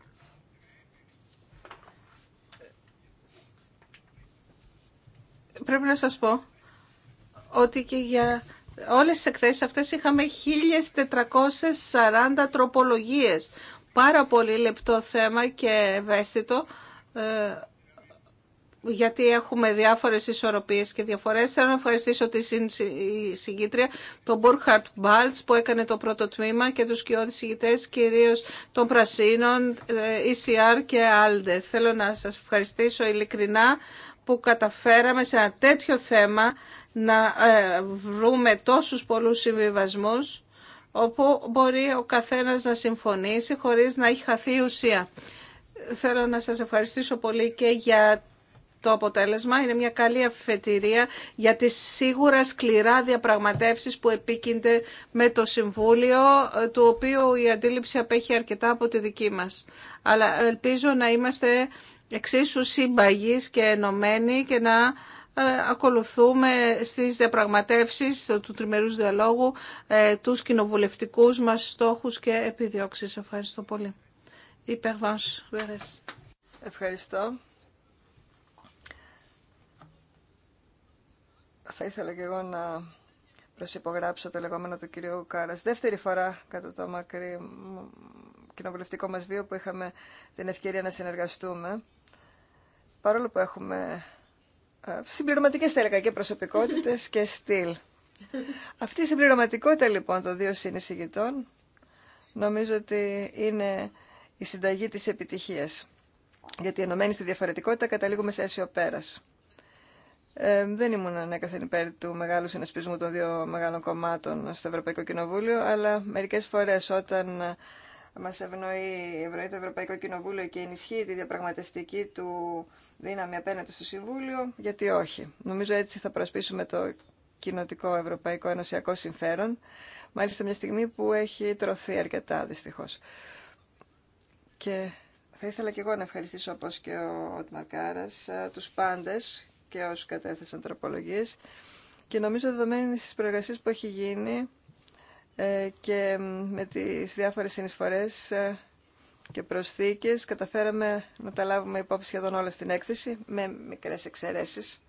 πρέπει να σας πω ότι και για όλες τις εκθέσεις αυτές είχαμε 1440 τροπολογίες. Πάρα πολύ λεπτό θέμα και ευαίσθητο, ε, γιατί έχουμε διάφορες ισορροπίες και διαφορές. Θέλω να ευχαριστήσω τη συγκήτρια, τον Μπορχαρτ Μπάλτς που έκανε το πρώτο τμήμα και τους κοιόδης συγκητές, κυρίως των Πρασίνων, ECR ε, και ALDE. Θέλω να σας ευχαριστήσω ειλικρινά που καταφέραμε σε ένα τέτοιο θέμα να ε, βρούμε τόσους πολλούς συμβιβασμούς όπου μπορεί ο καθένας να συμφωνήσει χωρίς να έχει χαθεί η ουσία. Θέλω να σας ευχαριστήσω πολύ και για το αποτέλεσμα. Είναι μια καλή αφετηρία για τις σίγουρα σκληρά διαπραγματεύσεις που επίκυνται με το Συμβούλιο, ε, του οποίου η αντίληψη απέχει αρκετά από τη δική μας. Αλλά ελπίζω να είμαστε εξίσου συμπαγείς και ενωμένοι και να ε, ακολουθούμε στις διαπραγματεύσεις του τριμερούς διαλόγου ε, τους κοινοβουλευτικούς μας στόχους και επιδιώξεις. Ευχαριστώ πολύ. Ευχαριστώ. Θα ήθελα και εγώ να προσυπογράψω το λεγόμενο του κυρίου Κάρας. Δεύτερη φορά κατά το μακρύ κοινοβουλευτικό μας βίο που είχαμε την ευκαιρία να συνεργαστούμε παρόλο που έχουμε ε, συμπληρωματικέ θα και προσωπικότητε και στυλ. Αυτή η συμπληρωματικότητα λοιπόν των δύο συνεισηγητών νομίζω ότι είναι η συνταγή της επιτυχίας. Γιατί ενωμένη στη διαφορετικότητα καταλήγουμε σε αίσιο πέρας. Ε, δεν ήμουν ανέκαθεν υπέρ του μεγάλου συνασπισμού των δύο μεγάλων κομμάτων στο Ευρωπαϊκό Κοινοβούλιο, αλλά μερικές φορές όταν Μα ευνοεί, ευνοεί το Ευρωπαϊκό Κοινοβούλιο και ενισχύει τη διαπραγματευτική του δύναμη απέναντι στο Συμβούλιο, γιατί όχι. Νομίζω έτσι θα προσπίσουμε το κοινοτικό ευρωπαϊκό ενωσιακό συμφέρον, μάλιστα μια στιγμή που έχει τρωθεί αρκετά δυστυχώς. Και θα ήθελα και εγώ να ευχαριστήσω όπω και ο Οτμαρ του πάντε και όσου κατέθεσαν τροπολογίε. και νομίζω δεδομένη στις προεργασίες που έχει γίνει ε, και με τις διάφορες συνεισφορές ε, και προσθήκες καταφέραμε να τα λάβουμε υπόψη σχεδόν όλα στην έκθεση με μικρές εξαιρέσεις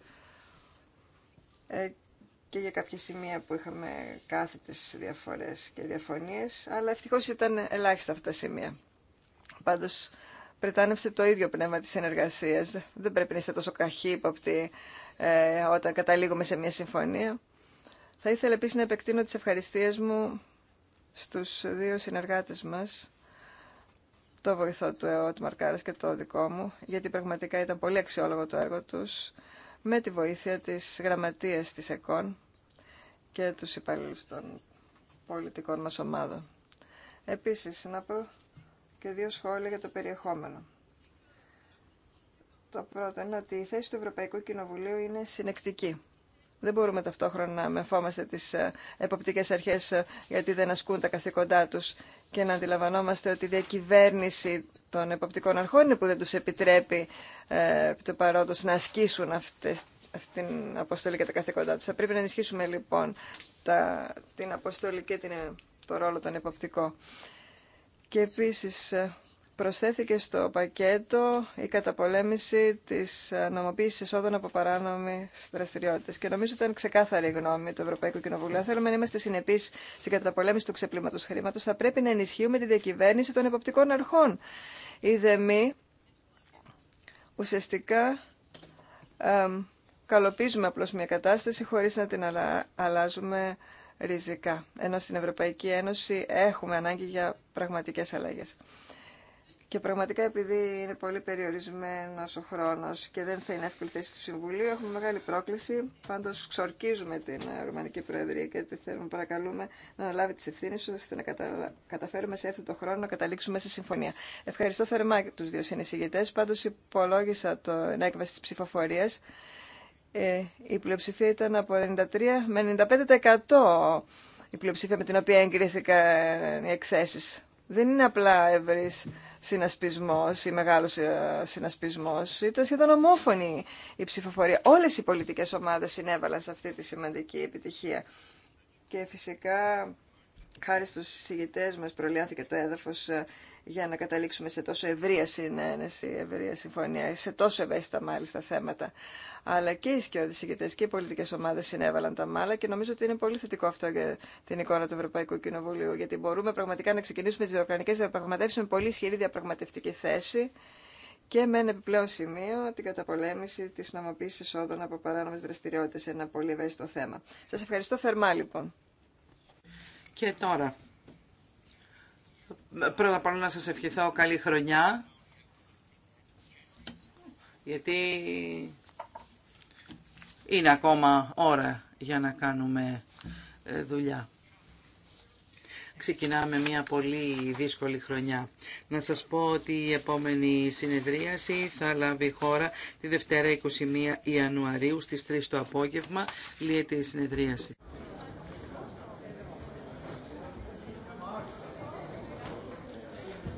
ε, και για κάποια σημεία που είχαμε κάθετες διαφορές και διαφωνίες αλλά ευτυχώς ήταν ελάχιστα αυτά τα σημεία. Πάντως πρετάνευσε το ίδιο πνεύμα της συνεργασίας. Δεν πρέπει να είστε τόσο καχύποπτοι όταν καταλήγουμε σε μια συμφωνία. Θα ήθελα επίσης να επεκτείνω τις ευχαριστίες μου στους δύο συνεργάτες μας, το βοηθό του ΕΟΤ Μαρκάρας και το δικό μου, γιατί πραγματικά ήταν πολύ αξιόλογο το έργο τους, με τη βοήθεια της γραμματείας της ΕΚΟΝ και τους υπαλλήλου των πολιτικών μας ομάδων. Επίσης, να πω και δύο σχόλια για το περιεχόμενο. Το πρώτο είναι ότι η θέση του Ευρωπαϊκού Κοινοβουλίου είναι συνεκτική. Δεν μπορούμε ταυτόχρονα να μεφόμαστε τις ε, εποπτικές αρχές ε, γιατί δεν ασκούν τα καθήκοντά τους και να αντιλαμβανόμαστε ότι η διακυβέρνηση των εποπτικών αρχών είναι που δεν τους επιτρέπει ε, το παρόντος να ασκήσουν αυτές, την αποστολή και τα καθήκοντά τους. Θα πρέπει να ενισχύσουμε λοιπόν τα, την αποστολή και την, το ρόλο των εποπτικών. Και επίσης προσθέθηκε στο πακέτο η καταπολέμηση της νομοποίησης εσόδων από παράνομες δραστηριότητες. Και νομίζω ήταν ξεκάθαρη η γνώμη του Ευρωπαϊκού Κοινοβουλίου. Αν θέλουμε να είμαστε συνεπείς στην καταπολέμηση του ξεπλήματος χρήματος, θα πρέπει να ενισχύουμε τη διακυβέρνηση των εποπτικών αρχών. Η ΔΕΜΗ ουσιαστικά ε, καλοπίζουμε απλώς μια κατάσταση χωρίς να την αλλάζουμε ριζικά. Ενώ στην Ευρωπαϊκή Ένωση έχουμε ανάγκη για πραγματικές αλλαγές. Και πραγματικά επειδή είναι πολύ περιορισμένος ο χρόνος και δεν θα είναι εύκολη θέση του Συμβουλίου, έχουμε μεγάλη πρόκληση. Πάντως ξορκίζουμε την ε, Ρουμανική Προεδρία και τη θέλουμε παρακαλούμε να αναλάβει τις ευθύνες ώστε να καταφέρουμε σε αυτό χρόνο να καταλήξουμε σε συμφωνία. Ευχαριστώ θερμά τους δύο συνεισηγητές. Πάντως υπολόγισα το έκβαση της ψηφοφορίας. Ε, η πλειοψηφία ήταν από 93 με 95% η πλειοψηφία με την οποία εγκρίθηκαν οι εκθέσεις. Δεν είναι απλά ευρύς Συνασπισμό ή μεγάλο ε, συνασπισμό ήταν σχεδόν ομόφωνη η μεγαλο συνασπισμο ηταν σχεδον Όλες οι πολιτικές ομάδες συνέβαλαν σε αυτή τη σημαντική επιτυχία. Και φυσικά, χάρη στου συγητές μα προλιάθηκε το έδαφος ε, για να καταλήξουμε σε τόσο ευρία συνένεση, ευρεία συμφωνία, σε τόσο ευαίσθητα μάλιστα θέματα. Αλλά και οι σκιώδεις συγκεκριτές και οι πολιτικές ομάδες συνέβαλαν τα μάλα και νομίζω ότι είναι πολύ θετικό αυτό για την εικόνα του Ευρωπαϊκού Κοινοβουλίου, γιατί μπορούμε πραγματικά να ξεκινήσουμε τις διοργανικέ διαπραγματεύσεις με πολύ ισχυρή διαπραγματευτική θέση και με ένα επιπλέον σημείο την καταπολέμηση της νομοποίησης εισόδων από παράνομες δραστηριότητες, ένα πολύ ευαίσθητο θέμα. Σας ευχαριστώ θερμά λοιπόν. Και τώρα πρώτα απ' όλα να σας ευχηθώ καλή χρονιά, γιατί είναι ακόμα ώρα για να κάνουμε ε, δουλειά. Ξεκινάμε μια πολύ δύσκολη χρονιά. Να σας πω ότι η επόμενη συνεδρίαση θα λάβει χώρα τη Δευτέρα 21 Ιανουαρίου στις 3 το απόγευμα, λύεται η συνεδρίαση.